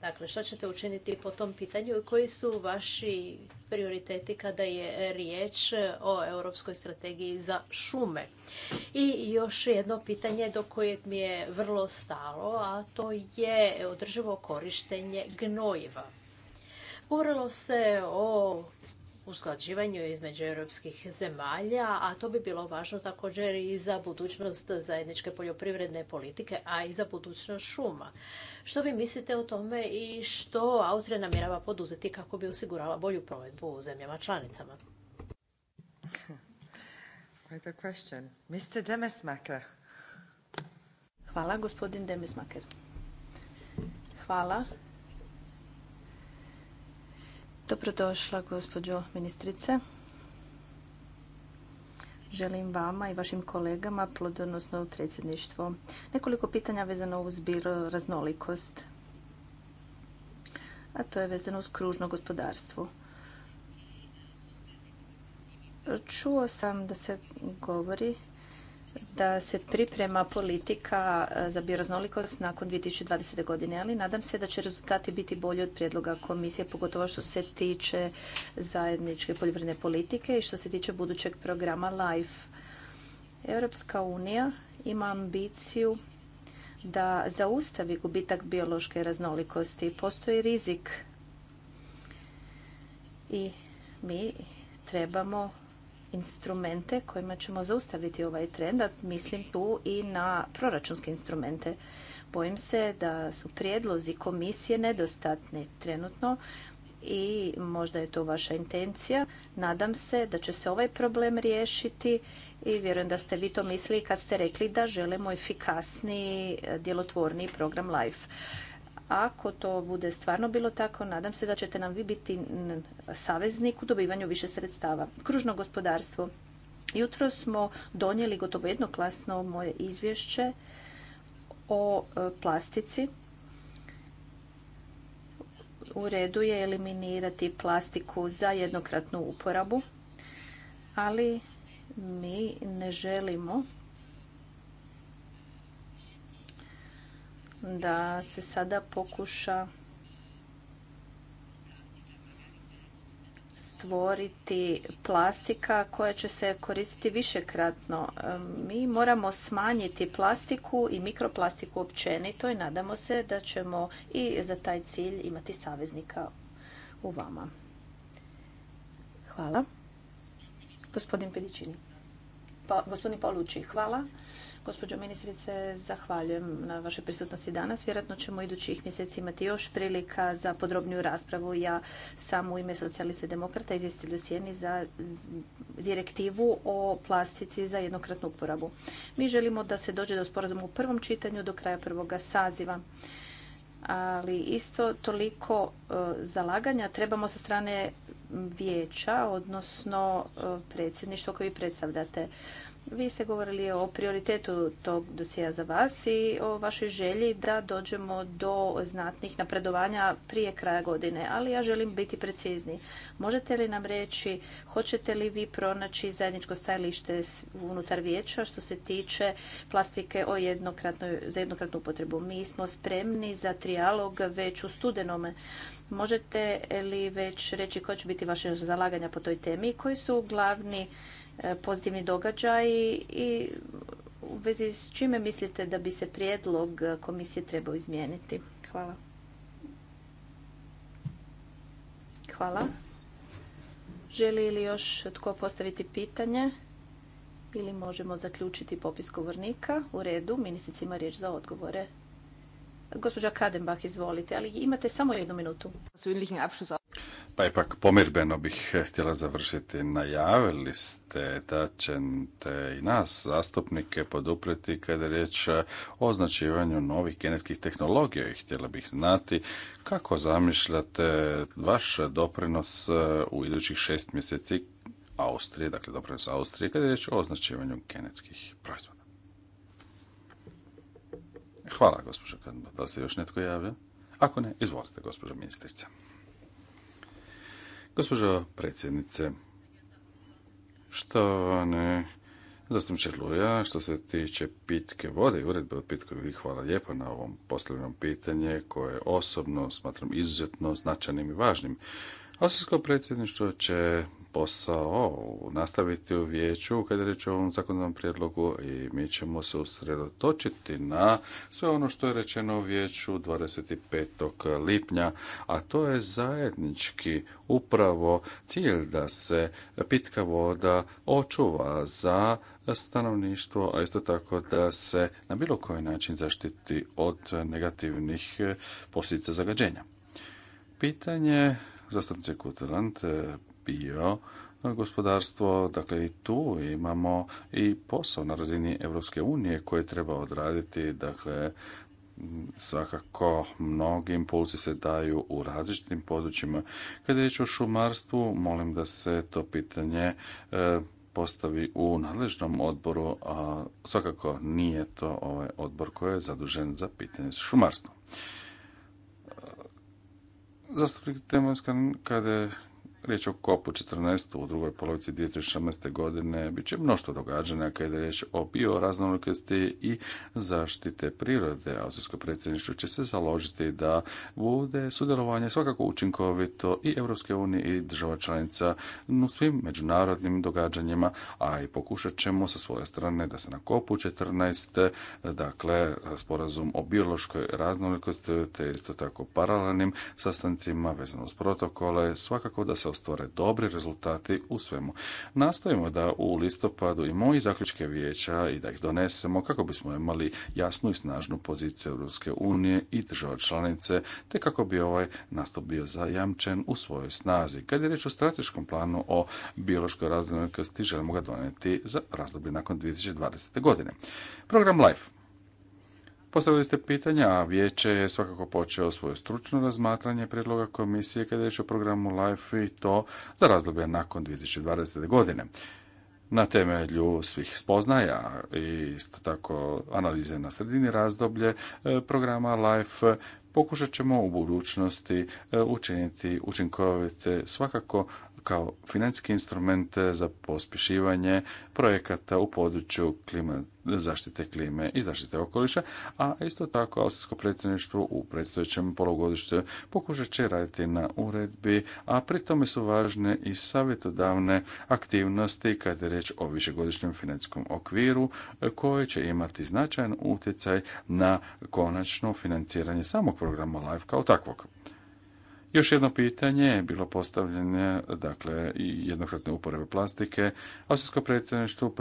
Dakle, što ćete učiniti po tom pitanju i koji su vaši prioriteti kada je riječ o Europskoj strategiji za šume? I još jedno pitanje do kojeg mi je vrlo stalo, a to je održivo korištenje gnojiva. Govorilo se o usklađivanju između europskih zemalja, a to bi bilo važno također i za budućnost zajedničke poljoprivredne politike, a i za budućnost šuma. Što vi mislite o tome i što Austrija namjerava poduzeti kako bi osigurala bolju provedbu u zemljama članicama? Hvala, gospodin Demesmaker. Hvala. Dobrodošla, gospođo ministrice. Želim vama i vašim kolegama plodonosno predsjedništvo. Nekoliko pitanja vezano uz raznolikost, a to je vezano uz kružno gospodarstvo. Čuo sam da se govori da se priprema politika eh, za bioraznolikost nakon 2020. godine, ali nadam se da će rezultati biti bolji od prijedloga komisije, pogotovo što se tiče zajedničke poljoprivredne politike i što se tiče budućeg programa LIFE. Europska unija ima ambiciju da zaustavi gubitak biološke raznolikosti. Postoji rizik i mi trebamo instrumente kojima ćemo zaustaviti ovaj trend, a mislim tu i na proračunske instrumente. Bojim se da su prijedlozi komisije nedostatni trenutno i možda je to vaša intencija. Nadam se da će se ovaj problem riješiti i vjerujem da ste vi to mislili kad ste rekli da želimo efikasniji, djelotvorniji program LIFE. Ako to bude stvarno bilo tako, nadam se da ćete nam vi biti saveznik u dobivanju više sredstava. Kružno gospodarstvo. Jutro smo donijeli gotovo jednoklasno moje izvješće o e, plastici. U redu je eliminirati plastiku za jednokratnu uporabu, ali mi ne želimo da se sada pokuša stvoriti plastika koja će se koristiti višekratno. Mi moramo smanjiti plastiku i mikroplastiku općenito i nadamo se da ćemo i za taj cilj imati saveznika u vama. Hvala. Gospodin Pedićini. Pa, gospodin hvala. Gospođo ministrice, zahvaljujem na vašoj prisutnosti danas. Vjerojatno ćemo idućih mjeseci imati još prilika za podrobniju raspravu. Ja sam u ime socijaliste demokrata izvjestitelju cijeni za direktivu o plastici za jednokratnu uporabu. Mi želimo da se dođe do sporazuma u prvom čitanju do kraja prvoga saziva ali isto toliko e, zalaganja trebamo sa strane vijeća, odnosno e, predsjedništva koji predstavljate. Vi ste govorili o prioritetu tog dosija za vas i o vašoj želji da dođemo do znatnih napredovanja prije kraja godine, ali ja želim biti precizni. Možete li nam reći, hoćete li vi pronaći zajedničko stajalište unutar vijeća što se tiče plastike o za jednokratnu upotrebu? Mi smo spremni za trijalog već u studenome. Možete li već reći koje će biti vaše zalaganja po toj temi koji su glavni E, pozitivni događaj i u vezi s čime mislite da bi se prijedlog komisije trebao izmijeniti? Hvala. Hvala. Želi li još tko postaviti pitanje? Ili možemo zaključiti popis govornika? U redu, ministrica ima riječ za odgovore. Gospođa Kadenbach, izvolite, ali imate samo jednu minutu. Pa ipak pomirbeno bih eh, htjela završiti. Najavili ste da ćete i nas, zastupnike, podupriti kada je riječ eh, o označivanju novih genetskih tehnologija i htjela bih znati kako zamišljate vaš doprinos eh, u idućih šest mjeseci Austrije, dakle doprinos Austrije, kada je riječ o označivanju genetskih proizvoda. Hvala, gospođo Kadba. Da li se još netko javlja? Ako ne, izvolite, gospođo ministrica. Gospođo predsjednice, što ne zastupniče Luja, što se tiče pitke vode i uredbe o pitkoj vi hvala lijepo na ovom posljednom pitanje koje osobno smatram izuzetno značajnim i važnim. Austrijsko predsjedništvo će posao nastaviti u vijeću kada je reč o ovom zakonodavnom prijedlogu i mi ćemo se usredotočiti na sve ono što je rečeno u vijeću 25. lipnja, a to je zajednički upravo cilj da se pitka voda očuva za stanovništvo, a isto tako da se na bilo koji način zaštiti od negativnih posljedica zagađenja. Pitanje zastupnice Kutland bio gospodarstvo, dakle i tu imamo i posao na razini Europske unije koje treba odraditi, dakle svakako mnogi impulsi se daju u različitim područjima. Kada je riječ o šumarstvu, molim da se to pitanje e, postavi u nadležnom odboru, a svakako nije to ovaj odbor koji je zadužen za pitanje šumarstvom. Zastupnik Temorskan, kada je riječ o Kopu 14 u drugoj polovici 2016. godine bit će mnoštvo događanja kada je riječ o bioraznolikosti i zaštite prirode. Austrijsko predsjedništvo će se založiti da bude sudjelovanje svakako učinkovito i Europske unije i država članica u svim međunarodnim događanjima, a i pokušat ćemo sa svoje strane da se na Kopu 14 dakle, sporazum o biološkoj raznolikosti, te isto tako paralelnim sastancima vezano uz protokole, svakako da se ostvare dobri rezultati u svemu. Nastojimo da u listopadu i moji zaključke vijeća i da ih donesemo kako bismo imali jasnu i snažnu poziciju Europske unije i država članice, te kako bi ovaj nastup bio zajamčen u svojoj snazi. Kad je riječ o strateškom planu o biološkoj raznolikosti, želimo ga donijeti za razdoblje nakon 2020. godine. Program LIFE Postavili ste pitanja, a vijeće je svakako počeo svoje stručno razmatranje predloga komisije kada je riječ o programu LIFE i to za razdoblje nakon 2020. godine. Na temelju svih spoznaja i isto tako analize na sredini razdoblje e, programa LIFE e, pokušat ćemo u budućnosti e, učiniti učinkovite svakako kao financijski instrument za pospješivanje projekata u području zaštite klime i zaštite okoliša, a isto tako austrijsko predsjedništvo u predstojećem polugodištu pokušat će raditi na uredbi, a pri tome su važne i savjetodavne aktivnosti kada je riječ o višegodišnjem financijskom okviru e, koji će imati značajan utjecaj na konačno financiranje samog programa LIFE kao takvog. Još jedno pitanje je bilo postavljanje, dakle, jednokratne uporabe plastike. Osijsko predsjedništvo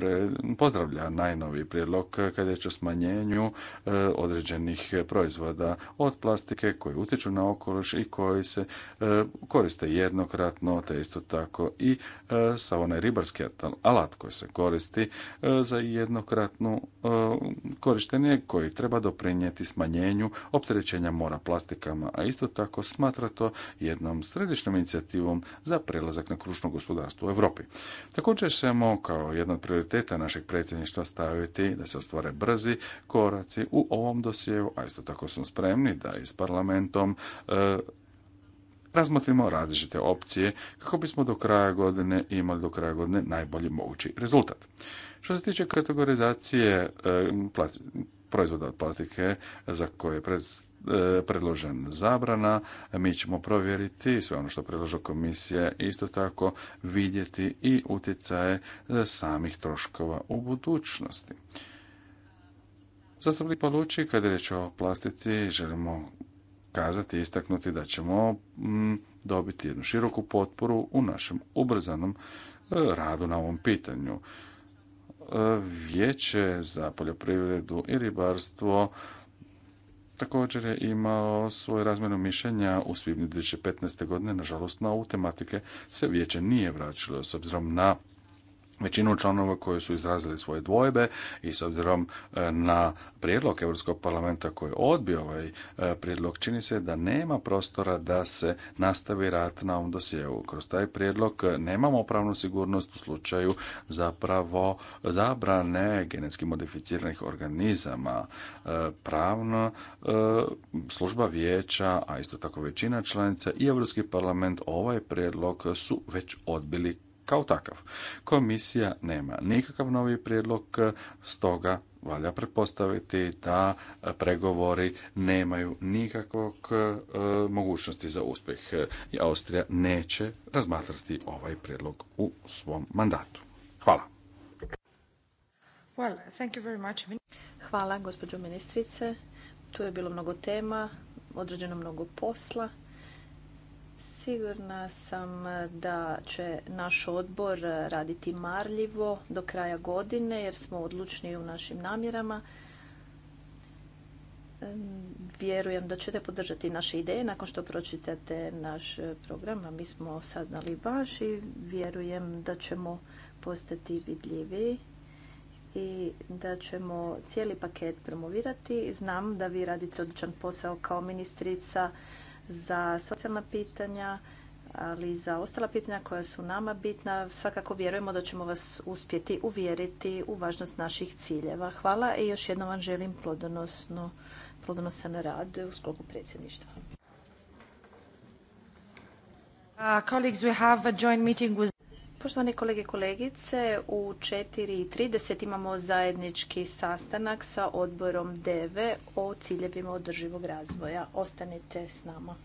pozdravlja najnoviji prijedlog kada je o smanjenju e, određenih proizvoda od plastike koji utječu na okoliš i koji se e, koriste jednokratno, te isto tako i e, sa onaj ribarski alat koji se koristi e, za jednokratno korištenje koji treba doprinijeti smanjenju opterećenja mora plastikama, a isto tako smatra to jednom središnjom inicijativom za prelazak na kružno gospodarstvo u Europi. Također ćemo kao jedan od prioriteta našeg predsjedništva staviti da se ostvare brzi koraci u ovom dosjeu, a isto tako smo spremni da i s parlamentom e, razmotrimo različite opcije kako bismo do kraja godine imali do kraja godine najbolji mogući rezultat. Što se tiče kategorizacije e, proizvoda od plastike za koje predstavljamo E, predložen zabrana, mi ćemo provjeriti sve ono što predlaže komisija, isto tako vidjeti i utjecaje e, samih troškova u budućnosti. Zastavljiv poluči, kada je riječ o plastici, želimo kazati i istaknuti da ćemo mm, dobiti jednu široku potporu u našem ubrzanom e, radu na ovom pitanju. Vijeće za poljoprivredu i ribarstvo također je imao svoje razmjerno mišljenja u svibnju 2015. godine. Nažalost, na ovu tematike se vijeće nije vraćalo s obzirom na većinu članova koji su izrazili svoje dvojbe i s obzirom e, na prijedlog Europskog parlamenta koji je odbio ovaj e, prijedlog, čini se da nema prostora da se nastavi rat na ovom dosjeu. Kroz taj prijedlog e, nemamo pravnu sigurnost u slučaju zapravo zabrane genetski modificiranih organizama. Pravna služba vijeća, a isto tako većina članica i Europski parlament ovaj prijedlog su već odbili kao takav. Komisija nema nikakav novi prijedlog, stoga valja pretpostaviti da pregovori nemaju nikakvog e, mogućnosti za uspjeh i Austrija neće razmatrati ovaj prijedlog u svom mandatu. Hvala. Hvala gospođo ministrice. Tu je bilo mnogo tema, određeno mnogo posla. Sigurna sam da će naš odbor raditi marljivo do kraja godine jer smo odlučni u našim namjerama. Vjerujem da ćete podržati naše ideje nakon što pročitate naš program, a mi smo saznali vaš i vjerujem da ćemo postati vidljivi i da ćemo cijeli paket promovirati. Znam da vi radite odličan posao kao ministrica za socijalna pitanja, ali i za ostala pitanja koja su nama bitna. Svakako vjerujemo da ćemo vas uspjeti uvjeriti u važnost naših ciljeva. Hvala i još jednom vam želim plodonosno, plodonosan rad u sklopu predsjedništva. Uh, we have a joint meeting Poštovane kolege i kolegice, u 4.30 imamo zajednički sastanak sa odborom DEVE o ciljevima održivog razvoja. Ostanite s nama.